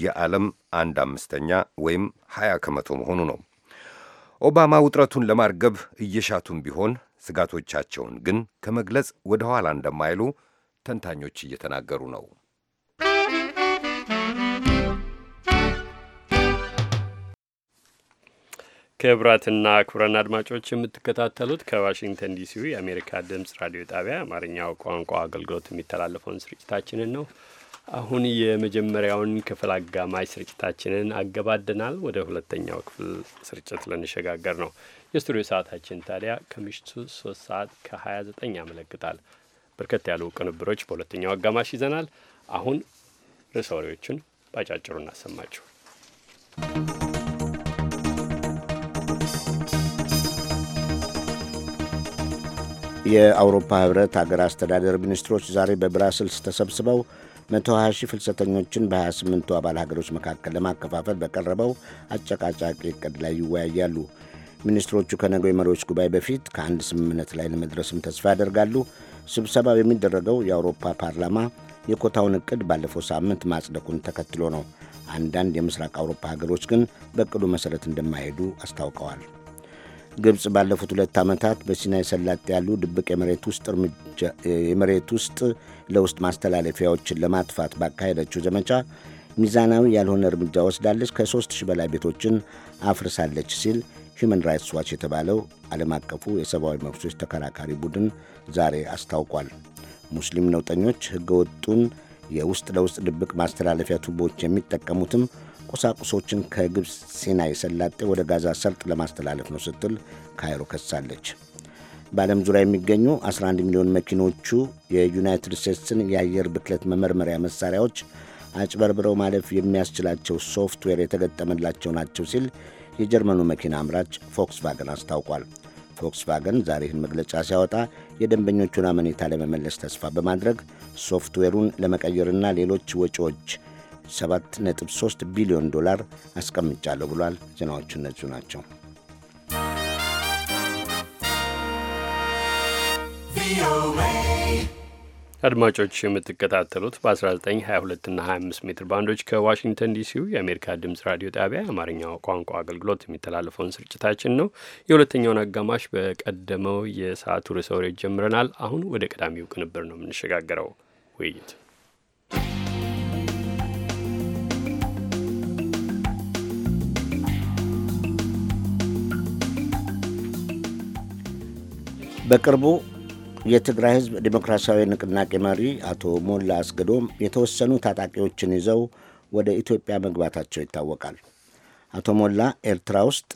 የዓለም አንድ አምስተኛ ወይም 20 ከመቶ መሆኑ ነው። ኦባማ ውጥረቱን ለማርገብ እየሻቱም ቢሆን ስጋቶቻቸውን ግን ከመግለጽ ወደ ኋላ እንደማይሉ ተንታኞች እየተናገሩ ነው። ክቡራትና ክቡራን አድማጮች የምትከታተሉት ከዋሽንግተን ዲሲው የአሜሪካ ድምጽ ራዲዮ ጣቢያ አማርኛው ቋንቋ አገልግሎት የሚተላለፈውን ስርጭታችንን ነው። አሁን የመጀመሪያውን ክፍል አጋማሽ ስርጭታችንን አገባደናል። ወደ ሁለተኛው ክፍል ስርጭት ልንሸጋገር ነው። የስቱዲዮ ሰዓታችን ታዲያ ከምሽቱ ሶስት ሰዓት ከ29 ያመለክታል። በርከት ያሉ ቅንብሮች በሁለተኛው አጋማሽ ይዘናል። አሁን ርዕሰ ወሬዎቹን ባጫጭሩ እናሰማችሁ። የአውሮፓ ህብረት አገር አስተዳደር ሚኒስትሮች ዛሬ በብራስልስ ተሰብስበው 120 ሺህ ፍልሰተኞችን በ28ቱ አባል ሀገሮች መካከል ለማከፋፈል በቀረበው አጨቃጫቂ እቅድ ላይ ይወያያሉ። ሚኒስትሮቹ ከነገው የመሪዎች ጉባኤ በፊት ከአንድ ስምምነት ላይ ለመድረስም ተስፋ ያደርጋሉ። ስብሰባው የሚደረገው የአውሮፓ ፓርላማ የኮታውን እቅድ ባለፈው ሳምንት ማጽደቁን ተከትሎ ነው። አንዳንድ የምስራቅ አውሮፓ ሀገሮች ግን በዕቅዱ መሠረት እንደማይሄዱ አስታውቀዋል። ግብፅ ባለፉት ሁለት ዓመታት በሲናይ ሰላጤ ያሉ ድብቅ የመሬት ውስጥ ለውስጥ ማስተላለፊያዎችን ለማጥፋት ባካሄደችው ዘመቻ ሚዛናዊ ያልሆነ እርምጃ ወስዳለች፣ ከሦስት ሺህ በላይ ቤቶችን አፍርሳለች ሲል ሂውማን ራይትስ ዋች የተባለው ዓለም አቀፉ የሰብአዊ መብቶች ተከራካሪ ቡድን ዛሬ አስታውቋል። ሙስሊም ነውጠኞች ሕገወጡን የውስጥ ለውስጥ ድብቅ ማስተላለፊያ ቱቦዎች የሚጠቀሙትም ቁሳቁሶችን ከግብፅ ሲናይ ሰላጤ ወደ ጋዛ ሰርጥ ለማስተላለፍ ነው ስትል ካይሮ ከሳለች። በዓለም ዙሪያ የሚገኙ 11 ሚሊዮን መኪኖቹ የዩናይትድ ስቴትስን የአየር ብክለት መመርመሪያ መሳሪያዎች አጭበርብረው ማለፍ የሚያስችላቸው ሶፍትዌር የተገጠመላቸው ናቸው ሲል የጀርመኑ መኪና አምራች ፎክስቫገን አስታውቋል። ፎክስቫገን ዛሬ ይህን መግለጫ ሲያወጣ የደንበኞቹን አመኔታ ለመመለስ ተስፋ በማድረግ ሶፍትዌሩን ለመቀየርና ሌሎች ወጪዎች 7.3 ቢሊዮን ዶላር አስቀምጫለሁ ብሏል። ዜናዎቹ እነዚሁ ናቸው። አድማጮች የምትከታተሉት በ1922 እና 25 ሜትር ባንዶች ከዋሽንግተን ዲሲው የአሜሪካ ድምፅ ራዲዮ ጣቢያ የአማርኛው ቋንቋ አገልግሎት የሚተላለፈውን ስርጭታችን ነው። የሁለተኛውን አጋማሽ በቀደመው የሰዓቱ ርዕሰ ወሬ ጀምረናል። አሁን ወደ ቀዳሚው ቅንብር ነው የምንሸጋገረው። ውይይት በቅርቡ የትግራይ ሕዝብ ዲሞክራሲያዊ ንቅናቄ መሪ አቶ ሞላ አስገዶም የተወሰኑ ታጣቂዎችን ይዘው ወደ ኢትዮጵያ መግባታቸው ይታወቃል። አቶ ሞላ ኤርትራ ውስጥ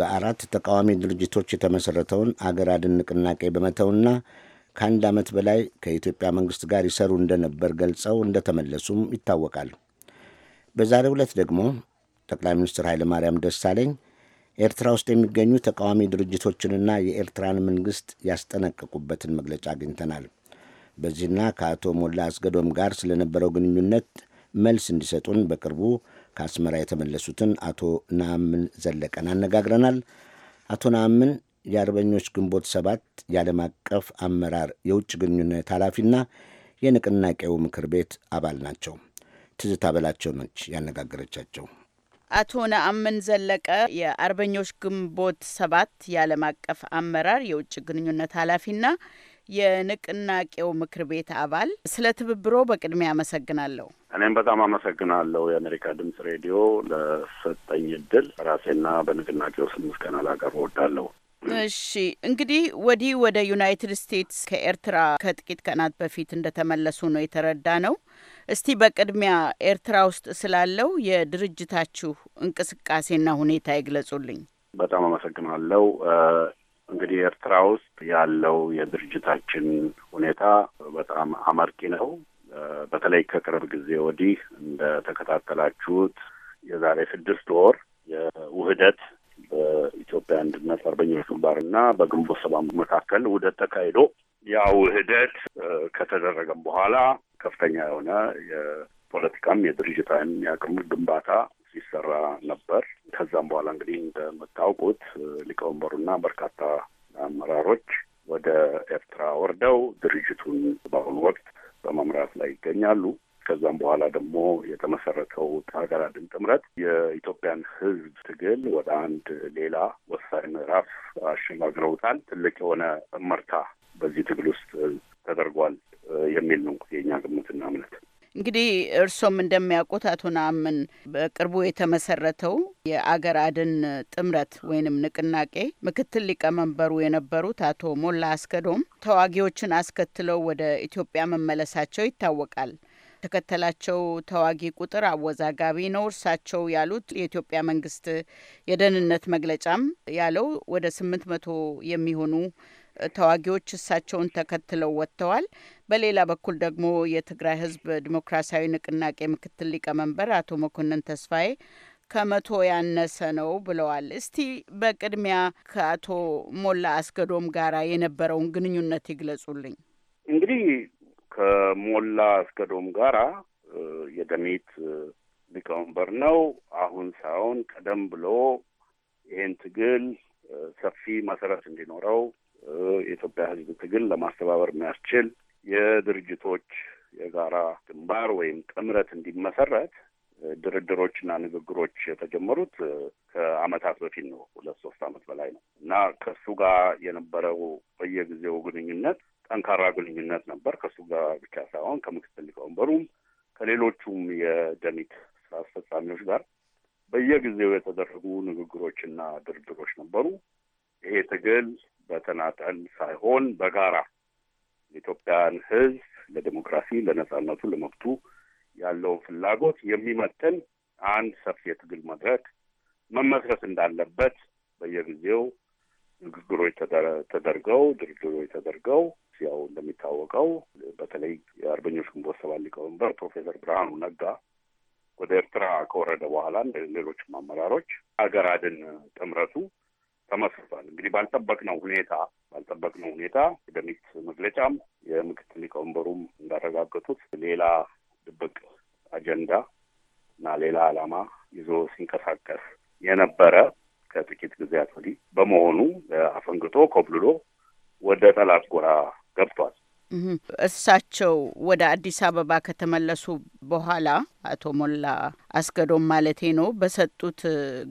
በአራት ተቃዋሚ ድርጅቶች የተመሠረተውን አገር አድን ንቅናቄ በመተውና ከአንድ ዓመት በላይ ከኢትዮጵያ መንግሥት ጋር ይሰሩ እንደነበር ገልጸው እንደተመለሱም ይታወቃል። በዛሬው ዕለት ደግሞ ጠቅላይ ሚኒስትር ኃይለ ማርያም ደሳለኝ ኤርትራ ውስጥ የሚገኙ ተቃዋሚ ድርጅቶችንና የኤርትራን መንግስት ያስጠነቀቁበትን መግለጫ አግኝተናል። በዚህና ከአቶ ሞላ አስገዶም ጋር ስለነበረው ግንኙነት መልስ እንዲሰጡን በቅርቡ ከአስመራ የተመለሱትን አቶ ናምን ዘለቀን አነጋግረናል። አቶ ናምን የአርበኞች ግንቦት ሰባት የዓለም አቀፍ አመራር የውጭ ግንኙነት ኃላፊና የንቅናቄው ምክር ቤት አባል ናቸው። ትዝታ በላቸው ነች ያነጋገረቻቸው። አቶ ነአምን ዘለቀ የአርበኞች ግንቦት ሰባት የዓለም አቀፍ አመራር የውጭ ግንኙነት ኃላፊና የንቅናቄው ምክር ቤት አባል፣ ስለ ትብብሮ በቅድሚያ አመሰግናለሁ። እኔም በጣም አመሰግናለሁ የአሜሪካ ድምጽ ሬዲዮ ለሰጠኝ እድል ራሴና በንቅናቄው ስምስ ምስጋና ላቀርብ ወዳለሁ። እሺ እንግዲህ ወዲህ ወደ ዩናይትድ ስቴትስ ከኤርትራ ከጥቂት ቀናት በፊት እንደተመለሱ ነው የተረዳ ነው። እስቲ በቅድሚያ ኤርትራ ውስጥ ስላለው የድርጅታችሁ እንቅስቃሴና ሁኔታ ይግለጹልኝ። በጣም አመሰግናለሁ። እንግዲህ ኤርትራ ውስጥ ያለው የድርጅታችን ሁኔታ በጣም አመርቂ ነው። በተለይ ከቅርብ ጊዜ ወዲህ እንደተከታተላችሁት የዛሬ ስድስት ወር የውህደት በኢትዮጵያ አንድነት አርበኞች ግንባርና በግንቦት ሰባ መካከል ውህደት ተካሂዶ ያው ውህደት ከተደረገም በኋላ ከፍተኛ የሆነ የፖለቲካም የድርጅታዊም የአቅም ግንባታ ሲሰራ ነበር። ከዛም በኋላ እንግዲህ እንደምታውቁት ሊቀወንበሩና በርካታ አመራሮች ወደ ኤርትራ ወርደው ድርጅቱን በአሁኑ ወቅት በመምራት ላይ ይገኛሉ። ከዛም በኋላ ደግሞ የተመሰረተው ሀገር አድን ጥምረት የኢትዮጵያን ሕዝብ ትግል ወደ አንድ ሌላ ወሳኝ ምዕራፍ አሸጋግረውታል። ትልቅ የሆነ እመርታ በዚህ ትግል ውስጥ ተደርጓል የሚል ነው የእኛ ግምትና እምነት። እንግዲህ እርሶም እንደሚያውቁት አቶ ነአምን በቅርቡ የተመሰረተው የአገር አድን ጥምረት ወይንም ንቅናቄ ምክትል ሊቀመንበሩ የነበሩት አቶ ሞላ አስከዶም ተዋጊዎችን አስከትለው ወደ ኢትዮጵያ መመለሳቸው ይታወቃል። ተከተላቸው ተዋጊ ቁጥር አወዛጋቢ ነው። እርሳቸው ያሉት የኢትዮጵያ መንግስት የደህንነት መግለጫም ያለው ወደ ስምንት መቶ የሚሆኑ ተዋጊዎች እሳቸውን ተከትለው ወጥተዋል። በሌላ በኩል ደግሞ የትግራይ ህዝብ ዲሞክራሲያዊ ንቅናቄ ምክትል ሊቀመንበር አቶ መኮንን ተስፋዬ ከመቶ ያነሰ ነው ብለዋል። እስቲ በቅድሚያ ከአቶ ሞላ አስገዶም ጋር የነበረውን ግንኙነት ይግለጹልኝ። እንግዲህ ከሞላ አስገዶም ጋራ የደሚት ሊቀመንበር ነው። አሁን ሳይሆን ቀደም ብሎ ይህን ትግል ሰፊ መሰረት እንዲኖረው የኢትዮጵያ ሕዝብ ትግል ለማስተባበር የሚያስችል የድርጅቶች የጋራ ግንባር ወይም ጥምረት እንዲመሰረት ድርድሮችና ንግግሮች የተጀመሩት ከአመታት በፊት ነው። ሁለት ሶስት አመት በላይ ነው እና ከእሱ ጋር የነበረው በየጊዜው ግንኙነት ጠንካራ ግንኙነት ነበር። ከእሱ ጋር ብቻ ሳይሆን ከምክትል ሊቀመንበሩም ከሌሎቹም የደሚት ስራ አስፈጻሚዎች ጋር በየጊዜው የተደረጉ ንግግሮችና ድርድሮች ነበሩ። ይሄ ትግል በተናጠል ሳይሆን በጋራ የኢትዮጵያን ሕዝብ ለዲሞክራሲ፣ ለነጻነቱ፣ ለመብቱ ያለውን ፍላጎት የሚመጥን አንድ ሰፊ የትግል መድረክ መመስረት እንዳለበት በየጊዜው ንግግሮች ተደርገው ድርድሮች ተደርገው ያው እንደሚታወቀው በተለይ የአርበኞች ግንቦት ሰባት ሊቀመንበር ፕሮፌሰር ብርሃኑ ነጋ ወደ ኤርትራ ከወረደ በኋላ ሌሎችም አመራሮች ሀገር አድን ጥምረቱ ተመስርቷል። እንግዲህ ባልጠበቅነው ሁኔታ ባልጠበቅነው ሁኔታ የደሚት መግለጫም የምክትል ሊቀመንበሩም እንዳረጋገጡት ሌላ ድብቅ አጀንዳ እና ሌላ ዓላማ ይዞ ሲንቀሳቀስ የነበረ ከጥቂት ጊዜያት ወዲህ በመሆኑ አፈንግጦ ኮብልሎ ወደ ጠላት ጎራ ገብቷል። እሳቸው ወደ አዲስ አበባ ከተመለሱ በኋላ አቶ ሞላ አስገዶም ማለቴ ነው በሰጡት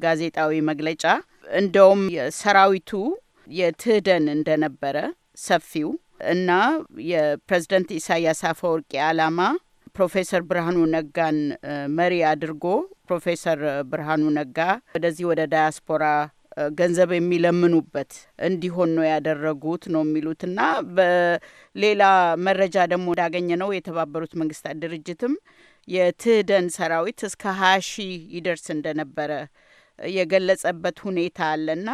ጋዜጣዊ መግለጫ እንደውም የሰራዊቱ የትህደን እንደነበረ ሰፊው እና የፕሬዝደንት ኢሳያስ አፈወርቂ አላማ ፕሮፌሰር ብርሃኑ ነጋን መሪ አድርጎ ፕሮፌሰር ብርሃኑ ነጋ ወደዚህ ወደ ዳያስፖራ ገንዘብ የሚለምኑበት እንዲሆን ነው ያደረጉት ነው የሚሉት እና በሌላ መረጃ ደግሞ እንዳገኘ ነው የተባበሩት መንግስታት ድርጅትም የትህደን ሰራዊት እስከ ሀያ ሺህ ይደርስ እንደነበረ የገለጸበት ሁኔታ አለና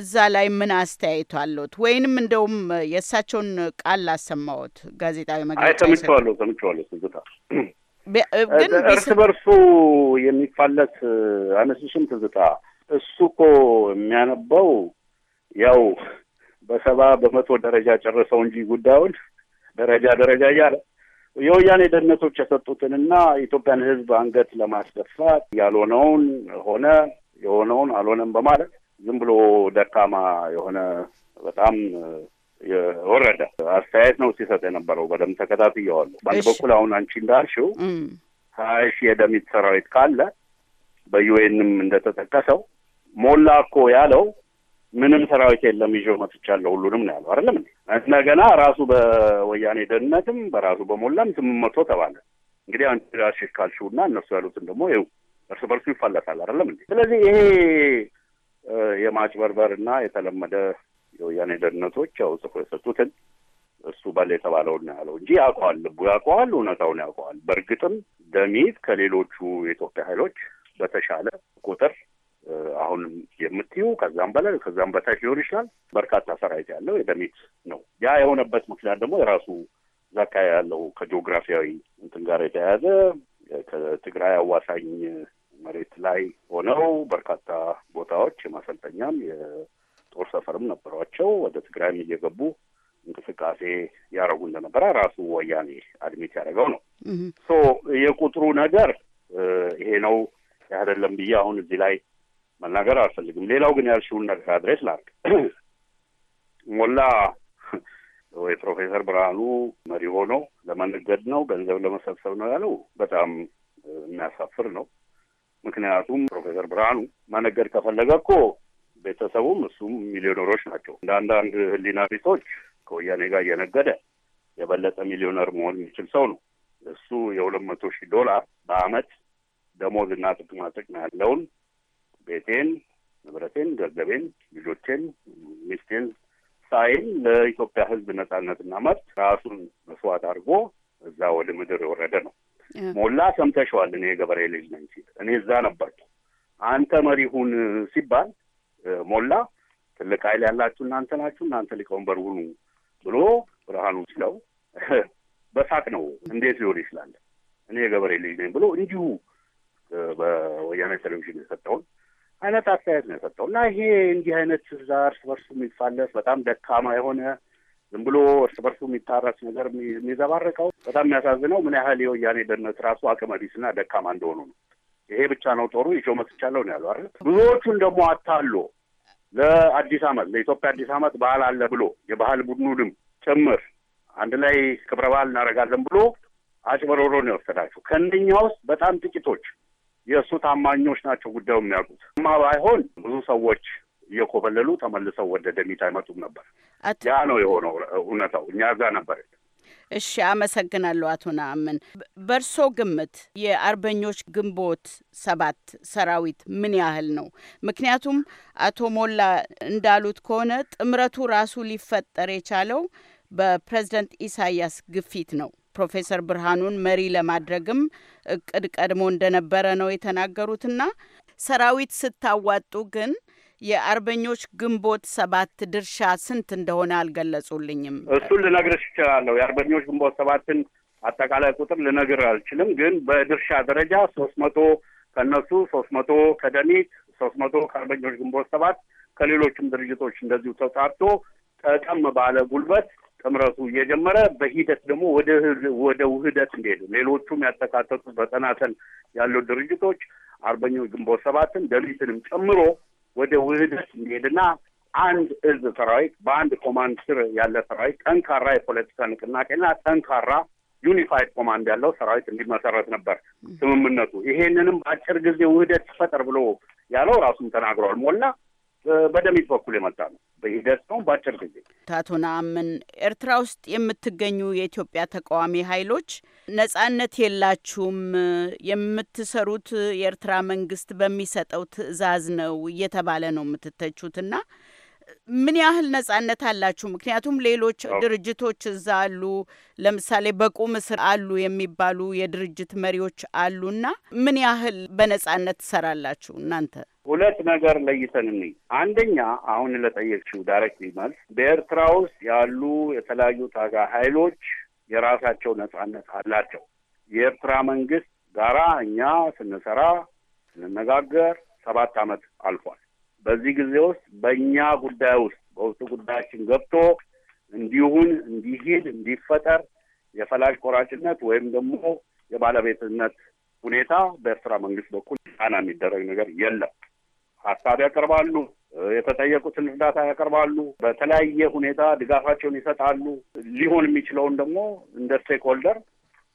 እዛ ላይ ምን አስተያየቱ አለት? ወይንም እንደውም የእሳቸውን ቃል ላሰማዎት። ጋዜጣዊ መግለጫ ሰምቼዋለሁ፣ ሰምቼዋለሁ ትዝታ ግን እርስ በርሱ የሚፋለት አነስሱም ትዝታ? እሱ እኮ የሚያነባው ያው በሰባ በመቶ ደረጃ ጨርሰው እንጂ ጉዳዩን ደረጃ ደረጃ እያለ የወያኔ ደህንነቶች የሰጡትንና ኢትዮጵያን ሕዝብ አንገት ለማስደፋት ያልሆነውን ሆነ የሆነውን አልሆነም በማለት ዝም ብሎ ደካማ የሆነ በጣም የወረደ አስተያየት ነው ሲሰጥ የነበረው። በደንብ ተከታትየዋለሁ። በአንድ በኩል አሁን አንቺ እንዳልሽው ሀያ ሺህ የደሚት ሰራዊት ካለ በዩኤንም እንደተጠቀሰው ሞላ እኮ ያለው ምንም ሰራዊት የለም ይዤው መጥቻለሁ ሁሉንም ነው ያለው አይደለም እንደገና ራሱ በወያኔ ደህንነትም በራሱ በሞላም ስምመቶ ተባለ እንግዲህ አንቺ ራስሽ ካልሽው እና እነሱ ያሉትን ደግሞ ይኸው እርስ በርሱ ይፋለሳል አይደለም እንዴ? ስለዚህ ይሄ የማጭበርበር እና የተለመደ የወያኔ ደህንነቶች ያው ጽፎ የሰጡትን እሱ በል የተባለውን ያለው እንጂ ያውቀዋል፣ ልቡ ያውቀዋል፣ እውነታውን ያውቀዋል። በእርግጥም ደሚት ከሌሎቹ የኢትዮጵያ ኃይሎች በተሻለ ቁጥር አሁን የምትዩ ከዛም በላይ ከዛም በታች ሊሆን ይችላል በርካታ ሰራዊት ያለው የደሚት ነው። ያ የሆነበት ምክንያት ደግሞ የራሱ ዛካ ያለው ከጂኦግራፊያዊ እንትን ጋር የተያያዘ ከትግራይ አዋሳኝ መሬት ላይ ሆነው በርካታ ቦታዎች የማሰልጠኛም የጦር ሰፈርም ነበሯቸው። ወደ ትግራይም እየገቡ እንቅስቃሴ ያደረጉ እንደነበረ ራሱ ወያኔ አድሚት ያደረገው ነው። ሶ የቁጥሩ ነገር ይሄ ነው አይደለም ብዬ አሁን እዚህ ላይ መናገር አልፈልግም። ሌላው ግን ያልሽውን ነገር አድሬስ ላድርግ። ሞላ ወይ ፕሮፌሰር ብርሃኑ መሪ ሆኖ ለመነገድ ነው ገንዘብ ለመሰብሰብ ነው ያለው በጣም የሚያሳፍር ነው። ምክንያቱም ፕሮፌሰር ብርሃኑ መነገድ ከፈለገ እኮ ቤተሰቡም እሱም ሚሊዮነሮች ናቸው። እንደ አንዳንድ ሕሊና ቢሶች ከወያኔ ጋር እየነገደ የበለጠ ሚሊዮነር መሆን የሚችል ሰው ነው። እሱ የሁለት መቶ ሺህ ዶላር በአመት ደሞዝና ጥቅማ ጥቅም ያለውን ቤቴን፣ ንብረቴን፣ ገንዘቤን፣ ልጆቼን፣ ሚስቴን ሳይን ለኢትዮጵያ ህዝብ ነጻነትና መብት ራሱን መስዋዕት አድርጎ እዛ ወደ ምድር የወረደ ነው። ሞላ ሰምተሸዋል። እኔ የገበሬ ልጅ ነኝ ሲል እኔ እዛ ነበርኩ። አንተ መሪ ሁን ሲባል ሞላ ትልቅ ኃይል ያላችሁ እናንተ ናችሁ፣ እናንተ ሊቀመንበር ሁኑ ብሎ ብርሃኑ ሲለው በሳቅ ነው እንዴት ሊሆን ይችላል እኔ የገበሬ ልጅ ነኝ ብሎ እንዲሁ በወያኔ ቴሌቪዥን የሰጠውን አይነት አስተያየት ነው የሰጠው እና ይሄ እንዲህ አይነት እዛ እርስ በርሱ የሚፋለስ በጣም ደካማ የሆነ ዝም ብሎ እርስ በርሱ የሚታረስ ነገር የሚዘባረቀው በጣም የሚያሳዝነው ምን ያህል የወያኔ ደነት ራሱ አቅመ ቢስና ደካማ እንደሆኑ ነው። ይሄ ብቻ ነው ጦሩ ይዞ መጥቻለሁ ነው ያሉ አይደል። ብዙዎቹን ደግሞ አታሎ ለአዲስ አመት ለኢትዮጵያ አዲስ አመት በዓል አለ ብሎ የባህል ቡድኑ ድም ጭምር አንድ ላይ ክብረ በዓል እናደርጋለን ብሎ አጭበሮሮ ነው የወሰዳቸው። ከእነኛ ውስጥ በጣም ጥቂቶች የእሱ ታማኞች ናቸው ጉዳዩ የሚያውቁት እማ ባይሆን ብዙ ሰዎች እየኮበለሉ ተመልሰው ወደ ደሚት አይመጡም ነበር። ያ ነው የሆነው እውነታው። እኛ ጋ ነበር። እሺ፣ አመሰግናለሁ አቶ ነአምን። በእርሶ ግምት የአርበኞች ግንቦት ሰባት ሰራዊት ምን ያህል ነው? ምክንያቱም አቶ ሞላ እንዳሉት ከሆነ ጥምረቱ ራሱ ሊፈጠር የቻለው በፕሬዝደንት ኢሳያስ ግፊት ነው። ፕሮፌሰር ብርሃኑን መሪ ለማድረግም እቅድ ቀድሞ እንደነበረ ነው የተናገሩትና ሰራዊት ስታዋጡ ግን የአርበኞች ግንቦት ሰባት ድርሻ ስንት እንደሆነ አልገለጹልኝም። እሱን ልነግርሽ ይችላለሁ። የአርበኞች ግንቦት ሰባትን አጠቃላይ ቁጥር ልነግር አልችልም፣ ግን በድርሻ ደረጃ ሶስት መቶ ከእነሱ ሶስት መቶ ከደኒት ሶስት መቶ ከአርበኞች ግንቦት ሰባት ከሌሎችም ድርጅቶች እንደዚሁ ተውጣቶ ጠቀም ባለ ጉልበት ጥምረቱ እየጀመረ በሂደት ደግሞ ወደ ወደ ውህደት እንደሄዱ ሌሎቹም ያተካተቱ በጠናተን ያሉ ድርጅቶች አርበኞች ግንቦት ሰባትን ደሊትንም ጨምሮ ወደ ውህደት እንዲሄድና አንድ እዝ ሰራዊት በአንድ ኮማንድ ስር ያለ ሰራዊት ጠንካራ የፖለቲካ ንቅናቄና ጠንካራ ዩኒፋይድ ኮማንድ ያለው ሰራዊት እንዲመሰረት ነበር ስምምነቱ። ይሄንንም በአጭር ጊዜ ውህደት ይፈጠር ብሎ ያለው ራሱም ተናግሯል ሞላ። በደሚት በኩል የመጣ ነው። በሂደት ነው፣ በአጭር ጊዜ። አቶ ነአምን ኤርትራ ውስጥ የምትገኙ የኢትዮጵያ ተቃዋሚ ኃይሎች ነጻነት የላችሁም፣ የምትሰሩት የኤርትራ መንግስት በሚሰጠው ትዕዛዝ ነው እየተባለ ነው የምትተቹትና ምን ያህል ነጻነት አላችሁ? ምክንያቱም ሌሎች ድርጅቶች እዛ አሉ። ለምሳሌ በቁም እስር አሉ የሚባሉ የድርጅት መሪዎች አሉና ምን ያህል በነጻነት ትሰራላችሁ እናንተ? ሁለት ነገር ለይተን እንይ። አንደኛ አሁን ለጠየቅሽው ዳይሬክት መልስ በኤርትራ ውስጥ ያሉ የተለያዩ ታጋ ኃይሎች የራሳቸው ነጻነት አላቸው። የኤርትራ መንግስት ጋራ እኛ ስንሰራ ስንነጋገር ሰባት አመት አልፏል። በዚህ ጊዜ ውስጥ በእኛ ጉዳይ ውስጥ በውስጥ ጉዳያችን ገብቶ እንዲሁን እንዲሄድ እንዲፈጠር የፈላጅ ቆራጭነት ወይም ደግሞ የባለቤትነት ሁኔታ በኤርትራ መንግስት በኩል ጫና የሚደረግ ነገር የለም። ሀሳብ ያቀርባሉ። የተጠየቁትን እርዳታ ያቀርባሉ። በተለያየ ሁኔታ ድጋፋቸውን ይሰጣሉ። ሊሆን የሚችለውን ደግሞ እንደ ስቴክ ሆልደር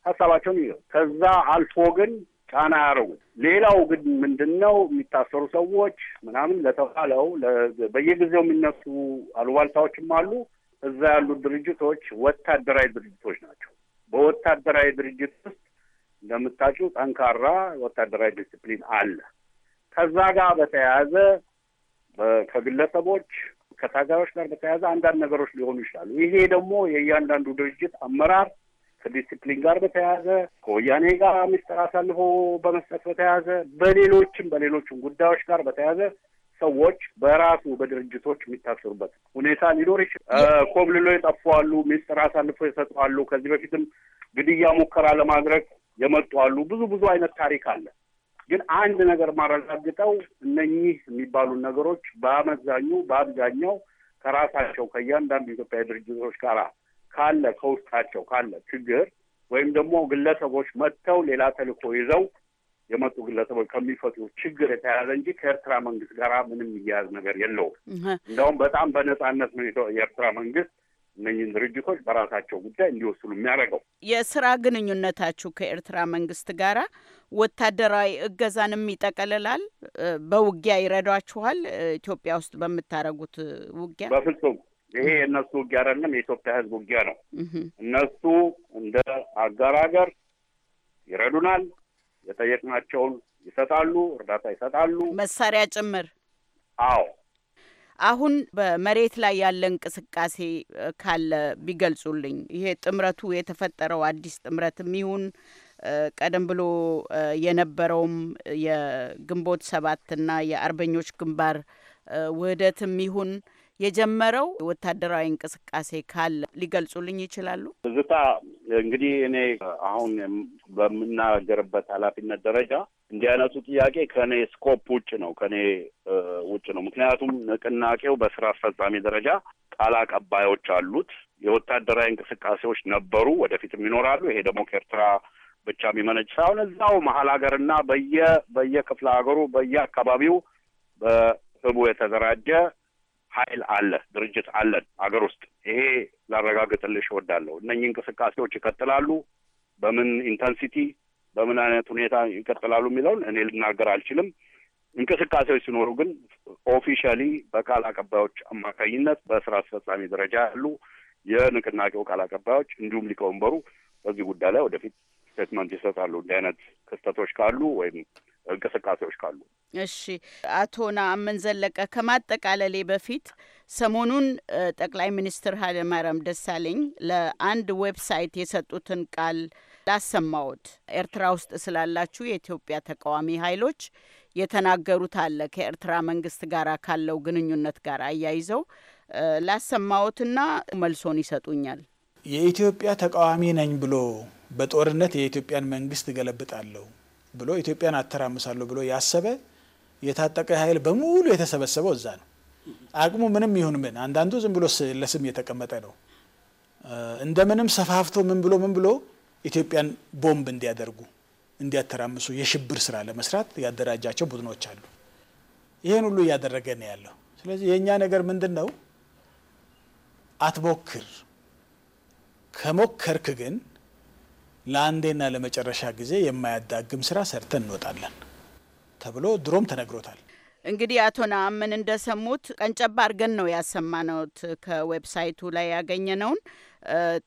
ሀሳባቸውን ይ ከዛ አልፎ ግን ጫና ያደርጉ። ሌላው ግን ምንድን ነው የሚታሰሩ ሰዎች ምናምን ለተባለው በየጊዜው የሚነሱ አሉባልታዎችም አሉ። እዛ ያሉት ድርጅቶች ወታደራዊ ድርጅቶች ናቸው። በወታደራዊ ድርጅት ውስጥ እንደምታውቂው ጠንካራ ወታደራዊ ዲስፕሊን አለ። ከዛ ጋር በተያያዘ ከግለሰቦች ከታጋዮች ጋር በተያያዘ አንዳንድ ነገሮች ሊሆኑ ይችላሉ። ይሄ ደግሞ የእያንዳንዱ ድርጅት አመራር ከዲስፕሊን ጋር በተያያዘ ከወያኔ ጋር ምስጢር አሳልፎ በመስጠት በተያያዘ በሌሎችም በሌሎችም ጉዳዮች ጋር በተያያዘ ሰዎች በራሱ በድርጅቶች የሚታሰሩበት ሁኔታ ሊኖር ይችላል። ኮብልሎ የጠፉ አሉ፣ አሳልፎ የሰጡ አሉ። ከዚህ በፊትም ግድያ ሙከራ ለማድረግ የመጡ አሉ። ብዙ ብዙ አይነት ታሪክ አለ። ግን አንድ ነገር ማረጋግጠው እነኚህ የሚባሉ ነገሮች በአመዛኙ በአብዛኛው ከራሳቸው ከእያንዳንዱ ኢትዮጵያ ድርጅቶች ጋር ካለ ከውስጣቸው ካለ ችግር ወይም ደግሞ ግለሰቦች መጥተው ሌላ ተልኮ ይዘው የመጡ ግለሰቦች ከሚፈቱ ችግር የተያዘ እንጂ ከኤርትራ መንግስት ጋር ምንም እያያዝ ነገር የለውም። እንደውም በጣም በነፃነት ነው የኤርትራ መንግስት እነኝን ድርጅቶች በራሳቸው ጉዳይ እንዲወስኑ የሚያደርገው። የስራ ግንኙነታችሁ ከኤርትራ መንግስት ጋራ ወታደራዊ እገዛንም ይጠቀልላል። በውጊያ ይረዷችኋል። ኢትዮጵያ ውስጥ በምታደርጉት ውጊያ በፍጹም ይሄ የእነሱ ውጊያ አይደለም፣ የኢትዮጵያ ሕዝብ ውጊያ ነው። እነሱ እንደ አጋር ሀገር ይረዱናል። የጠየቅናቸውን ይሰጣሉ፣ እርዳታ ይሰጣሉ፣ መሳሪያ ጭምር። አዎ አሁን በመሬት ላይ ያለ እንቅስቃሴ ካለ ቢገልጹልኝ። ይሄ ጥምረቱ የተፈጠረው አዲስ ጥምረት የሚሆን ቀደም ብሎ የነበረውም የግንቦት ሰባትና የአርበኞች ግንባር ውህደትም ይሁን የጀመረው ወታደራዊ እንቅስቃሴ ካለ ሊገልጹልኝ ይችላሉ? ትዝታ፣ እንግዲህ እኔ አሁን በምናገርበት ኃላፊነት ደረጃ እንዲህ አይነቱ ጥያቄ ከእኔ ስኮፕ ውጭ ነው፣ ከእኔ ውጭ ነው። ምክንያቱም ንቅናቄው በስራ አስፈጻሚ ደረጃ ቃል አቀባዮች አሉት። የወታደራዊ እንቅስቃሴዎች ነበሩ፣ ወደፊትም ይኖራሉ። ይሄ ደግሞ ከኤርትራ ብቻ የሚመነጭ ሳይሆን እዛው መሀል ሀገርና በየ በየክፍለ ሀገሩ በየአካባቢው በህቡ የተደራጀ ኃይል አለ፣ ድርጅት አለን ሀገር ውስጥ። ይሄ ላረጋግጥልሽ እወዳለሁ። እነኚህ እንቅስቃሴዎች ይቀጥላሉ። በምን ኢንተንሲቲ በምን አይነት ሁኔታ ይቀጥላሉ የሚለውን እኔ ልናገር አልችልም። እንቅስቃሴዎች ሲኖሩ ግን ኦፊሻሊ በቃል አቀባዮች አማካኝነት በስራ አስፈጻሚ ደረጃ ያሉ የንቅናቄው ቃል አቀባዮች እንዲሁም ሊቀወንበሩ በዚህ ጉዳይ ላይ ወደፊት ስቴትመንት ይሰጣሉ እንዲህ አይነት ክስተቶች ካሉ ወይም እንቅስቃሴዎች ካሉ። እሺ አቶ ነአምን ዘለቀ ከማጠቃለሌ በፊት ሰሞኑን ጠቅላይ ሚኒስትር ኃይለማርያም ደሳለኝ ለአንድ ዌብሳይት የሰጡትን ቃል ላሰማዎት። ኤርትራ ውስጥ ስላላችሁ የኢትዮጵያ ተቃዋሚ ኃይሎች የተናገሩት አለ ከኤርትራ መንግስት ጋር ካለው ግንኙነት ጋር አያይዘው ላሰማዎትና መልሶን ይሰጡኛል። የኢትዮጵያ ተቃዋሚ ነኝ ብሎ በጦርነት የኢትዮጵያን መንግስት እገለብጣለሁ ብሎ ኢትዮጵያን አተራምሳለሁ ብሎ ያሰበ የታጠቀ ኃይል በሙሉ የተሰበሰበው እዛ ነው። አቅሙ ምንም ይሁን ምን፣ አንዳንዱ ዝም ብሎ ለስም የተቀመጠ ነው። እንደምንም ሰፋፍቶ ምን ብሎ ምን ብሎ ኢትዮጵያን ቦምብ እንዲያደርጉ እንዲያተራምሱ የሽብር ስራ ለመስራት ያደራጃቸው ቡድኖች አሉ። ይህን ሁሉ እያደረገ ነው ያለው። ስለዚህ የእኛ ነገር ምንድን ነው? አትሞክር፣ ከሞከርክ ግን ለአንዴና ለመጨረሻ ጊዜ የማያዳግም ስራ ሰርተን እንወጣለን ተብሎ ድሮም ተነግሮታል። እንግዲህ አቶ ነአምን እንደሰሙት ቀንጨባ አድርገን ነው ያሰማነውት ከዌብሳይቱ ላይ ያገኘነውን።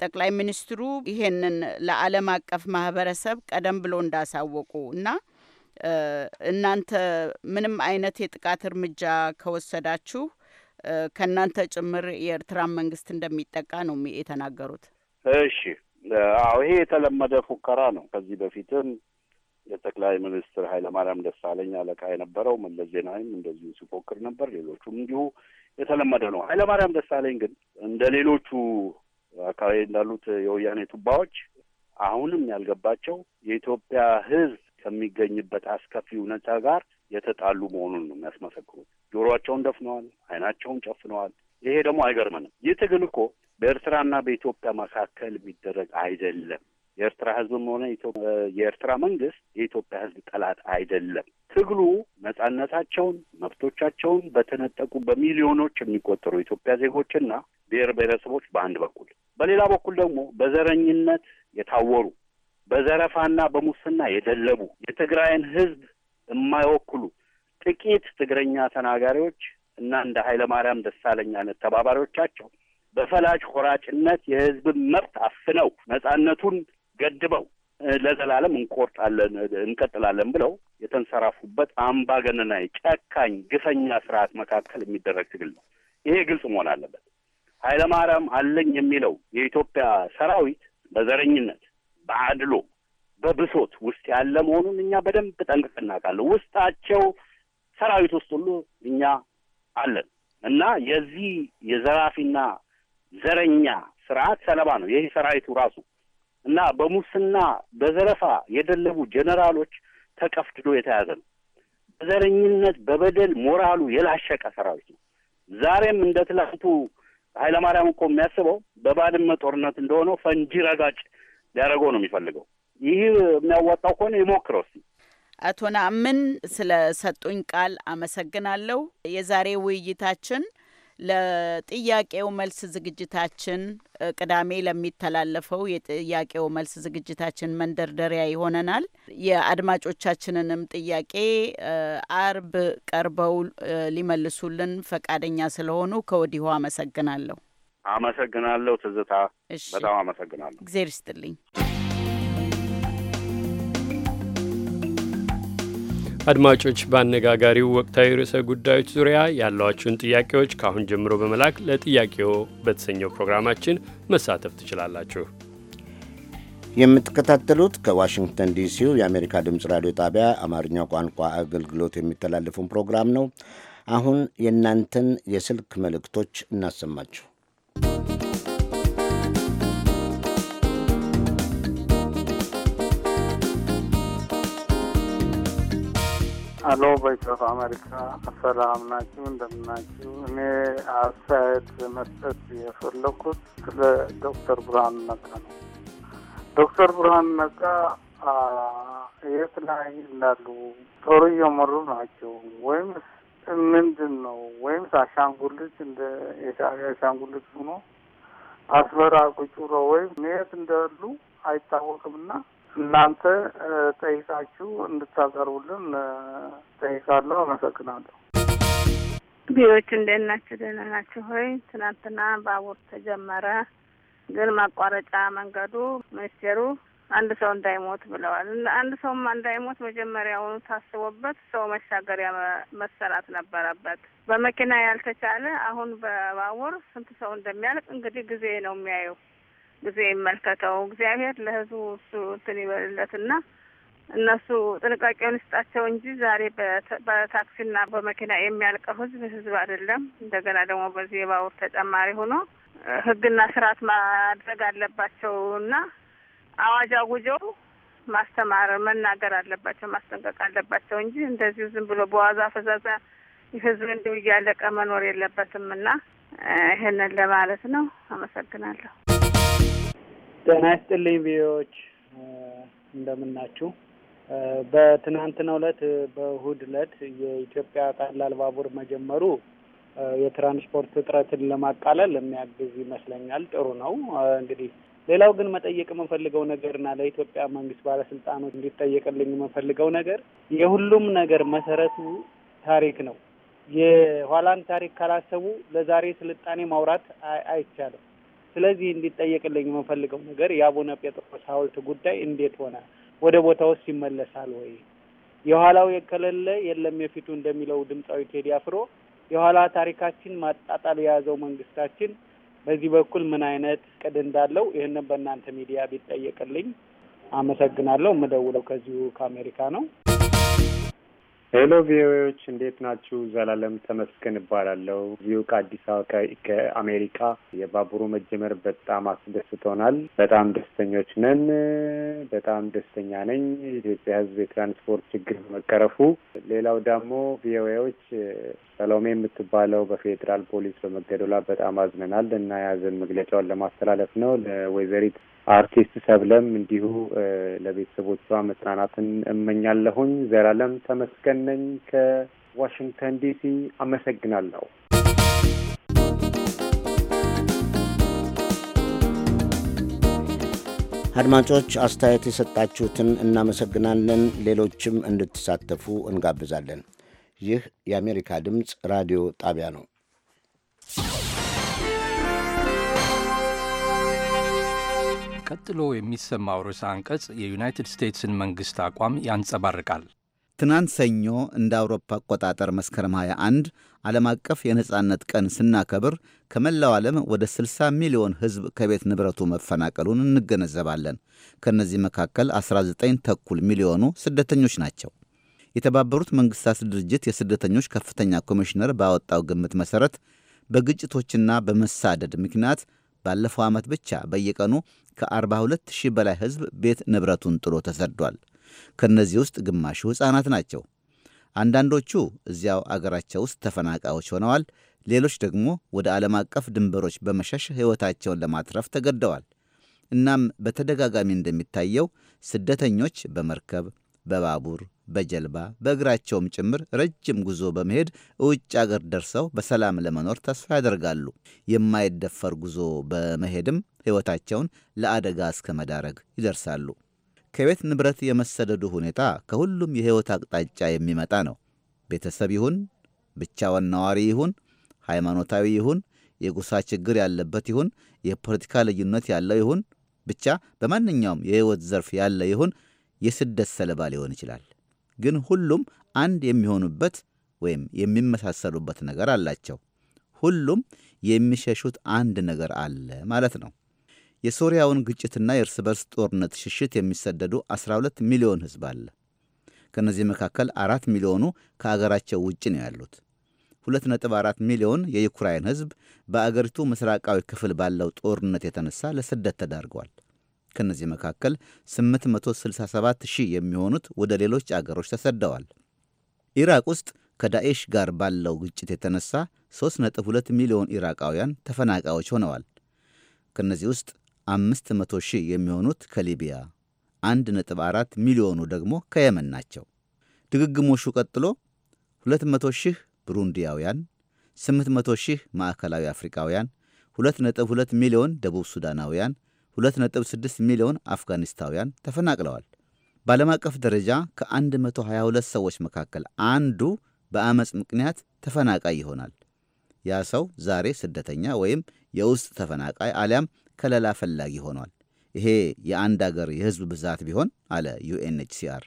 ጠቅላይ ሚኒስትሩ ይሄንን ለዓለም አቀፍ ማህበረሰብ ቀደም ብሎ እንዳሳወቁ እና እናንተ ምንም አይነት የጥቃት እርምጃ ከወሰዳችሁ ከእናንተ ጭምር የኤርትራን መንግስት እንደሚጠቃ ነው የተናገሩት። እሺ አዎ ይሄ የተለመደ ፉከራ ነው። ከዚህ በፊትም የጠቅላይ ሚኒስትር ኃይለማርያም ደሳለኝ አለቃ የነበረው መለስ ዜናዊም እንደዚሁ ሲፎክር ነበር። ሌሎቹም እንዲሁ የተለመደ ነው። ኃይለማርያም ደሳለኝ ግን እንደ ሌሎቹ አካባቢ እንዳሉት የወያኔ ቱባዎች አሁንም ያልገባቸው የኢትዮጵያ ሕዝብ ከሚገኝበት አስከፊ እውነታ ጋር የተጣሉ መሆኑን ነው የሚያስመሰክሩት። ጆሮአቸውን ደፍነዋል፣ አይናቸውን ጨፍነዋል። ይሄ ደግሞ አይገርምንም። ይህ ትግል እኮ በኤርትራና በኢትዮጵያ መካከል የሚደረግ አይደለም። የኤርትራ ህዝብም ሆነ የኤርትራ መንግስት የኢትዮጵያ ህዝብ ጠላት አይደለም። ትግሉ ነጻነታቸውን፣ መብቶቻቸውን በተነጠቁ በሚሊዮኖች የሚቆጠሩ ኢትዮጵያ ዜጎችና ብሔር ብሔረሰቦች በአንድ በኩል፣ በሌላ በኩል ደግሞ በዘረኝነት የታወሩ በዘረፋና በሙስና የደለቡ የትግራይን ህዝብ የማይወክሉ ጥቂት ትግረኛ ተናጋሪዎች እና እንደ ኃይለማርያም ደሳለኝ አይነት ተባባሪዎቻቸው በፈላጭ ቆራጭነት የህዝብን መብት አፍነው ነጻነቱን ገድበው ለዘላለም እንቆርጣለን እንቀጥላለን ብለው የተንሰራፉበት አምባገነናዊ ጨካኝ ግፈኛ ስርዓት መካከል የሚደረግ ትግል ነው። ይሄ ግልጽ መሆን አለበት። ማርያም አለኝ የሚለው የኢትዮጵያ ሰራዊት በዘረኝነት፣ በአድሎ፣ በብሶት ውስጥ ያለ መሆኑን እኛ በደንብ ጠንቅቅ እናውቃለን። ውስጣቸው ሰራዊት ውስጥ ሁሉ እኛ አለን እና የዚህ የዘራፊና ዘረኛ ስርዓት ሰለባ ነው ይህ ሰራዊቱ ራሱ እና በሙስና በዘረፋ የደለቡ ጀነራሎች ተቀፍድዶ የተያዘ ነው። በዘረኝነት በበደል ሞራሉ የላሸቀ ሰራዊት ነው። ዛሬም እንደ ትላንቱ ኃይለማርያም እኮ የሚያስበው በባድመ ጦርነት እንደሆነው ፈንጂ ረጋጭ ሊያደርገው ነው የሚፈልገው። ይህ የሚያዋጣው ከሆነ ይሞክረው እስኪ። አቶ ናምን ስለ ሰጡኝ ቃል አመሰግናለሁ። የዛሬ ውይይታችን ለጥያቄው መልስ ዝግጅታችን ቅዳሜ ለሚተላለፈው የጥያቄው መልስ ዝግጅታችን መንደርደሪያ ይሆነናል። የአድማጮቻችንንም ጥያቄ አርብ ቀርበው ሊመልሱልን ፈቃደኛ ስለሆኑ ከወዲሁ አመሰግናለሁ። አመሰግናለሁ ትዝታ፣ በጣም አመሰግናለሁ። እግዜር ይስጥልኝ። አድማጮች በአነጋጋሪው ወቅታዊ ርዕሰ ጉዳዮች ዙሪያ ያሏችሁን ጥያቄዎች ከአሁን ጀምሮ በመላክ ለጥያቄው በተሰኘው ፕሮግራማችን መሳተፍ ትችላላችሁ። የምትከታተሉት ከዋሽንግተን ዲሲው የአሜሪካ ድምፅ ራዲዮ ጣቢያ አማርኛ ቋንቋ አገልግሎት የሚተላለፉን ፕሮግራም ነው። አሁን የእናንተን የስልክ መልእክቶች እናሰማችሁ። አሎ ቮይስ ኦፍ አሜሪካ ሰላም ናችሁ? እንደምናችሁ። እኔ አስተያየት መስጠት የፈለኩት ስለ ዶክተር ብርሃን ነጋ ነው። ዶክተር ብርሃን ነጋ የት ላይ እንዳሉ ጦሩ እየመሩ ናቸው ወይም ምንድን ነው ወይም አሻንጉሊት እንደ የሻዕቢያ አሻንጉሊት ሆኖ አስመራ ቁጭሮ ወይም የት እንዳሉ አይታወቅምና እናንተ ጠይቃችሁ እንድታቀርቡልን ጠይቃለሁ። አመሰግናለሁ። ቢዎች እንዴት ናቸው? ደህና ናቸው ሆይ? ትናንትና ባቡር ተጀመረ፣ ግን ማቋረጫ መንገዱ ሚኒስቴሩ አንድ ሰው እንዳይሞት ብለዋል። አንድ ሰውም እንዳይሞት መጀመሪያውኑ ታስቦበት ሰው መሻገሪያ መሰራት ነበረበት። በመኪና ያልተቻለ አሁን በባቡር ስንት ሰው እንደሚያልቅ እንግዲህ ጊዜ ነው የሚያየው። ጊዜ የሚመልከተው እግዚአብሔር ለህዝቡ እሱ እንትን ይበልለትና እነሱ ጥንቃቄውን ይስጣቸው እንጂ ዛሬ በታክሲና በመኪና የሚያልቀው ህዝብ ህዝብ አይደለም። እንደገና ደግሞ በዚህ የባቡር ተጨማሪ ሆኖ ህግና ስርዓት ማድረግ አለባቸው እና አዋጅ አውጀው ማስተማር መናገር አለባቸው ማስጠንቀቅ አለባቸው እንጂ እንደዚሁ ዝም ብሎ በዋዛ ፈዛዛ ህዝብ እንዲሁ እያለቀ መኖር የለበትም እና ይህንን ለማለት ነው። አመሰግናለሁ። ጤና ይስጥልኝ ቪዎች እንደምናችሁ። በትናንትናው ዕለት በእሁድ ዕለት የኢትዮጵያ ቀላል ባቡር መጀመሩ የትራንስፖርት እጥረትን ለማቃለል የሚያግዝ ይመስለኛል። ጥሩ ነው። እንግዲህ ሌላው ግን መጠየቅ የምፈልገው ነገር ለኢትዮጵያ መንግስት ባለስልጣኖች እንዲጠየቅልኝ የምፈልገው ነገር የሁሉም ነገር መሰረቱ ታሪክ ነው። የኋላን ታሪክ ካላሰቡ ለዛሬ ስልጣኔ ማውራት አይቻልም። ስለዚህ እንዲጠየቅልኝ የምፈልገው ነገር የአቡነ ጴጥሮስ ሐውልት ጉዳይ እንዴት ሆነ? ወደ ቦታውስ ይመለሳል ወይ? የኋላው የከለለ የለም የፊቱ እንደሚለው ድምፃዊ ቴዲ አፍሮ የኋላ ታሪካችን ማጣጣል የያዘው መንግስታችን በዚህ በኩል ምን አይነት ቅድ እንዳለው ይህንን በእናንተ ሚዲያ ቢጠየቅልኝ አመሰግናለሁ። የምደውለው ከዚሁ ከአሜሪካ ነው። ሄሎ ቪኦኤዎች እንዴት ናችሁ? ዘላለም ተመስገን እባላለሁ። እዚሁ ከአዲስ አበባ ከአሜሪካ። የባቡሩ መጀመር በጣም አስደስቶናል። በጣም ደስተኞች ነን። በጣም ደስተኛ ነኝ የኢትዮጵያ ሕዝብ የትራንስፖርት ችግር መቀረፉ ሌላው ደግሞ ቪኦኤዎች ሰሎሜ የምትባለው በፌዴራል ፖሊስ በመገደሏ በጣም አዝነናል እና የሀዘን መግለጫውን ለማስተላለፍ ነው ለወይዘሪት አርቲስት ሰብለም እንዲሁ ለቤተሰቦቿ መጽናናትን እመኛለሁኝ። ዘላለም ተመስገን ነኝ ከዋሽንግተን ዲሲ አመሰግናለሁ። አድማጮች አስተያየት የሰጣችሁትን እናመሰግናለን። ሌሎችም እንድትሳተፉ እንጋብዛለን። ይህ የአሜሪካ ድምፅ ራዲዮ ጣቢያ ነው። ቀጥሎ የሚሰማው ርዕሰ አንቀጽ የዩናይትድ ስቴትስን መንግሥት አቋም ያንጸባርቃል። ትናንት ሰኞ እንደ አውሮፓ አቆጣጠር መስከረም 21 ዓለም አቀፍ የነጻነት ቀን ስናከብር ከመላው ዓለም ወደ 60 ሚሊዮን ሕዝብ ከቤት ንብረቱ መፈናቀሉን እንገነዘባለን። ከእነዚህ መካከል 19 ተኩል ሚሊዮኑ ስደተኞች ናቸው። የተባበሩት መንግሥታት ድርጅት የስደተኞች ከፍተኛ ኮሚሽነር ባወጣው ግምት መሠረት በግጭቶችና በመሳደድ ምክንያት ባለፈው ዓመት ብቻ በየቀኑ ከ42 ሺህ በላይ ሕዝብ ቤት ንብረቱን ጥሎ ተሰዷል። ከእነዚህ ውስጥ ግማሹ ሕፃናት ናቸው። አንዳንዶቹ እዚያው አገራቸው ውስጥ ተፈናቃዮች ሆነዋል። ሌሎች ደግሞ ወደ ዓለም አቀፍ ድንበሮች በመሸሽ ሕይወታቸውን ለማትረፍ ተገደዋል። እናም በተደጋጋሚ እንደሚታየው ስደተኞች በመርከብ፣ በባቡር፣ በጀልባ በእግራቸውም ጭምር ረጅም ጉዞ በመሄድ ውጭ አገር ደርሰው በሰላም ለመኖር ተስፋ ያደርጋሉ። የማይደፈር ጉዞ በመሄድም ሕይወታቸውን ለአደጋ እስከ መዳረግ ይደርሳሉ። ከቤት ንብረት የመሰደዱ ሁኔታ ከሁሉም የሕይወት አቅጣጫ የሚመጣ ነው። ቤተሰብ ይሁን፣ ብቻውን ነዋሪ ይሁን፣ ሃይማኖታዊ ይሁን፣ የጎሳ ችግር ያለበት ይሁን፣ የፖለቲካ ልዩነት ያለው ይሁን፣ ብቻ በማንኛውም የሕይወት ዘርፍ ያለ ይሁን የስደት ሰለባ ሊሆን ይችላል። ግን ሁሉም አንድ የሚሆኑበት ወይም የሚመሳሰሉበት ነገር አላቸው። ሁሉም የሚሸሹት አንድ ነገር አለ ማለት ነው። የሶሪያውን ግጭትና የእርስ በርስ ጦርነት ሽሽት የሚሰደዱ 12 ሚሊዮን ሕዝብ አለ። ከእነዚህ መካከል አራት ሚሊዮኑ ከአገራቸው ውጭ ነው ያሉት። 2.4 ሚሊዮን የዩክራይን ሕዝብ በአገሪቱ ምስራቃዊ ክፍል ባለው ጦርነት የተነሳ ለስደት ተዳርገዋል። ከእነዚህ መካከል 867 ሺህ የሚሆኑት ወደ ሌሎች አገሮች ተሰደዋል። ኢራቅ ውስጥ ከዳኤሽ ጋር ባለው ግጭት የተነሳ 3.2 ሚሊዮን ኢራቃውያን ተፈናቃዮች ሆነዋል። ከእነዚህ ውስጥ 500 ሺህ የሚሆኑት ከሊቢያ፣ 1.4 ሚሊዮኑ ደግሞ ከየመን ናቸው። ድግግሞሹ ቀጥሎ 200 ሺህ ብሩንዲያውያን፣ 800 ሺህ ማዕከላዊ አፍሪካውያን፣ 2.2 ሚሊዮን ደቡብ ሱዳናውያን፣ 2.6 ሚሊዮን አፍጋኒስታውያን ተፈናቅለዋል። በዓለም አቀፍ ደረጃ ከ122 ሰዎች መካከል አንዱ በአመፅ ምክንያት ተፈናቃይ ይሆናል። ያ ሰው ዛሬ ስደተኛ ወይም የውስጥ ተፈናቃይ አሊያም ከለላ ፈላጊ ሆኗል። ይሄ የአንድ አገር የሕዝብ ብዛት ቢሆን አለ ዩኤንኤችሲአር፣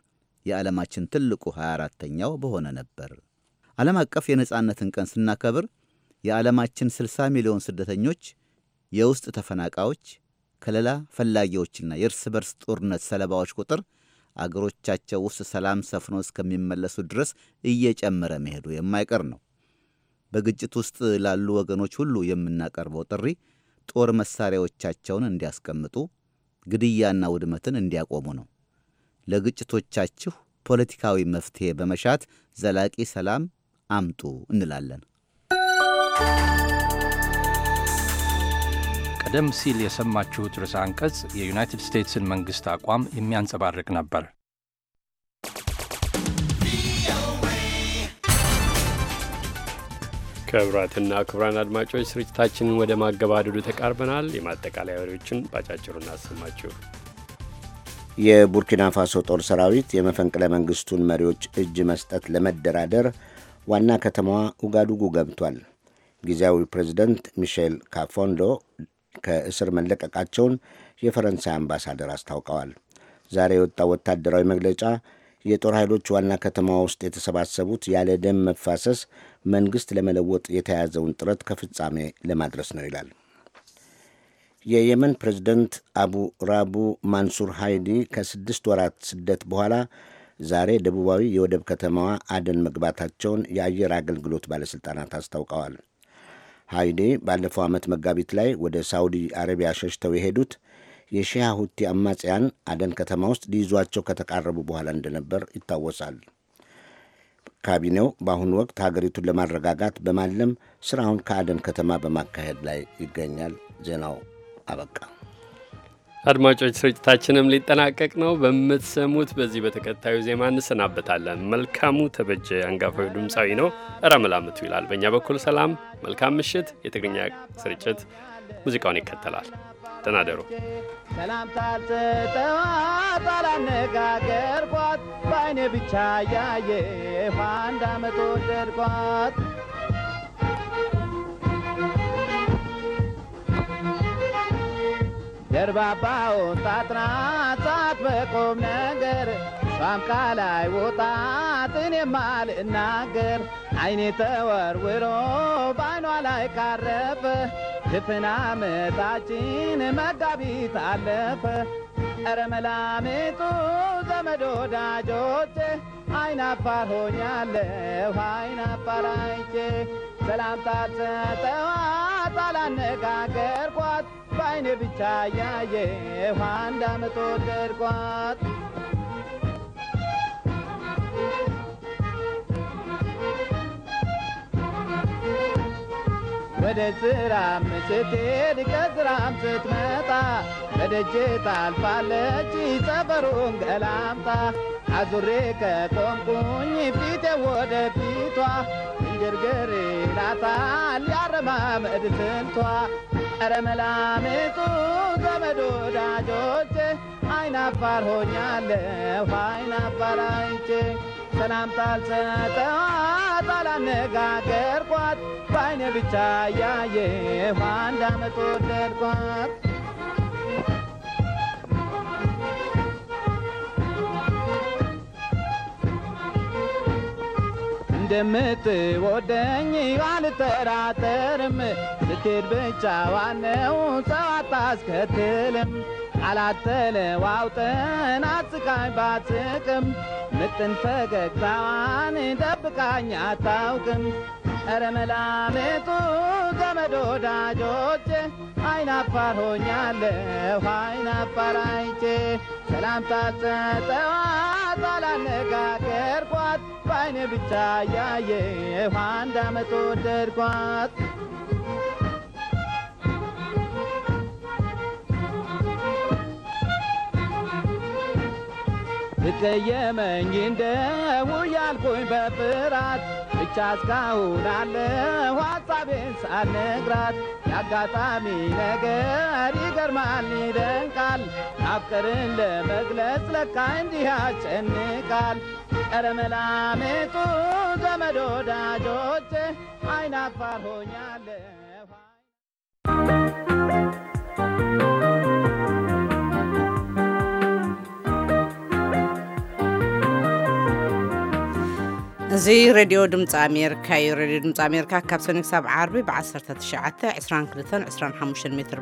የዓለማችን ትልቁ 24ተኛው በሆነ ነበር። ዓለም አቀፍ የነጻነትን ቀን ስናከብር የዓለማችን 60 ሚሊዮን ስደተኞች፣ የውስጥ ተፈናቃዮች፣ ከለላ ፈላጊዎችና የእርስ በርስ ጦርነት ሰለባዎች ቁጥር አገሮቻቸው ውስጥ ሰላም ሰፍኖ እስከሚመለሱ ድረስ እየጨመረ መሄዱ የማይቀር ነው። በግጭት ውስጥ ላሉ ወገኖች ሁሉ የምናቀርበው ጥሪ ጦር መሳሪያዎቻቸውን እንዲያስቀምጡ፣ ግድያና ውድመትን እንዲያቆሙ ነው። ለግጭቶቻችሁ ፖለቲካዊ መፍትሄ በመሻት ዘላቂ ሰላም አምጡ እንላለን። ቀደም ሲል የሰማችሁት ርዕሰ አንቀጽ የዩናይትድ ስቴትስን መንግሥት አቋም የሚያንጸባርቅ ነበር። ክቡራትና ክቡራን አድማጮች ስርጭታችንን ወደ ማገባደዱ ተቃርበናል። የማጠቃለያ ወሬዎችን ባጫጭሩ እናሰማችሁ። የቡርኪና ፋሶ ጦር ሰራዊት የመፈንቅለ መንግስቱን መሪዎች እጅ መስጠት ለመደራደር ዋና ከተማዋ ኡጋዱጉ ገብቷል። ጊዜያዊ ፕሬዚደንት ሚሼል ካፎንዶ ከእስር መለቀቃቸውን የፈረንሳይ አምባሳደር አስታውቀዋል። ዛሬ የወጣው ወታደራዊ መግለጫ የጦር ኃይሎች ዋና ከተማ ውስጥ የተሰባሰቡት ያለ ደም መፋሰስ መንግሥት ለመለወጥ የተያዘውን ጥረት ከፍጻሜ ለማድረስ ነው ይላል። የየመን ፕሬዝደንት አቡ ራቡ ማንሱር ሃይዲ ከስድስት ወራት ስደት በኋላ ዛሬ ደቡባዊ የወደብ ከተማዋ አደን መግባታቸውን የአየር አገልግሎት ባለሥልጣናት አስታውቀዋል። ሃይዴ ባለፈው ዓመት መጋቢት ላይ ወደ ሳውዲ አረቢያ ሸሽተው የሄዱት የሺያ ሁቲ አማጽያን አደን ከተማ ውስጥ ሊይዟቸው ከተቃረቡ በኋላ እንደነበር ይታወሳል። ካቢኔው በአሁኑ ወቅት ሀገሪቱን ለማረጋጋት በማለም ስራውን ከአደን ከተማ በማካሄድ ላይ ይገኛል። ዜናው አበቃ። አድማጮች ስርጭታችንም ሊጠናቀቅ ነው። በምትሰሙት በዚህ በተከታዩ ዜማ እንሰናበታለን። መልካሙ ተበጀ አንጋፋዊ ድምፃዊ ነው። እረ ይላል። በእኛ በኩል ሰላም፣ መልካም ምሽት። የትግርኛ ስርጭት ሙዚቃውን ይከተላል። ተናደሩ ሰላምታ ስጠዋት አላነጋገርኳት ብቻ ያየ አንድ አመት ወደድኳት ደርባባውን ሳትናት በቆም ነገር ሷም ቃላይ ውጣት እኔም እናገር አይኔ ተወርውሮ ባኗ ላይ ካረፈ ድፍን ዓመታችን መጋቢት አለፈ። ኧረ መላምጡ ዘመድ ወዳጆቼ አይናፋር ሆኛለሁ አይናፋር አይቼ ሰላምታ ሰጠዋት አላነጋገርኳት በአይኔ ብቻ ያየ አንድ አመት ደርቋት ወደ ስራም ስትሄድ ከስራም ስትመጣ በደጄ ታልፋለች ጸበሩን ገላምጣ። አዙሬ ከቆምኩኝ ፊቴ ወደ ፊቷ እንጀርገሬ ላታ ያረማመድ ስንቷ ኧረ መላምቱ ዘመዱ ዳጆቼ አይናፋር ሆኛለሁ አይናፋር አይቼ ሰላምታ አላነጋገርኳት በአይኔ ብቻ እያየሁ አንድ አመት ወደድኳት። ወደኝ አልጠራጠርም። ልትሄድ ብቻ ዋነው ሰው አታስከትልም። ዋውጠን አስቃኝ ባትስቅም ምጥን ፈገግታዋን ደብቃኝ አታውቅም። እረ መላምቱ ዘመድ ወዳጆቼ አይናፋር ሆኛለሁ አይናፋር አይቼ ሰላምታ ሰጠዋት አላነጋገርኳት በአይኔ ብቻ እያየሁ አንድ አመት ወደድኳት። ስትየመኝ እንደው ያልኩኝ በፍራት ብቻ እስካሁን አለሁ ሀሳቤን ሳልነግራት የአጋጣሚ ነገር ይገርማል ይደንቃል አፍቅርን ለመግለጽ ለካ እንዲህ ያጨንቃል ኧረ መላምቱ ዘመድ ወዳጆቼ አይን አፋር እዚ ሬድዮ ድምፂ ኣሜሪካ እዩ ሬድዮ ድምፂ ኣሜርካ ካብ ሰኒ ክሳብ ዓርቢ ብ19ሸ 22 25 ሜትር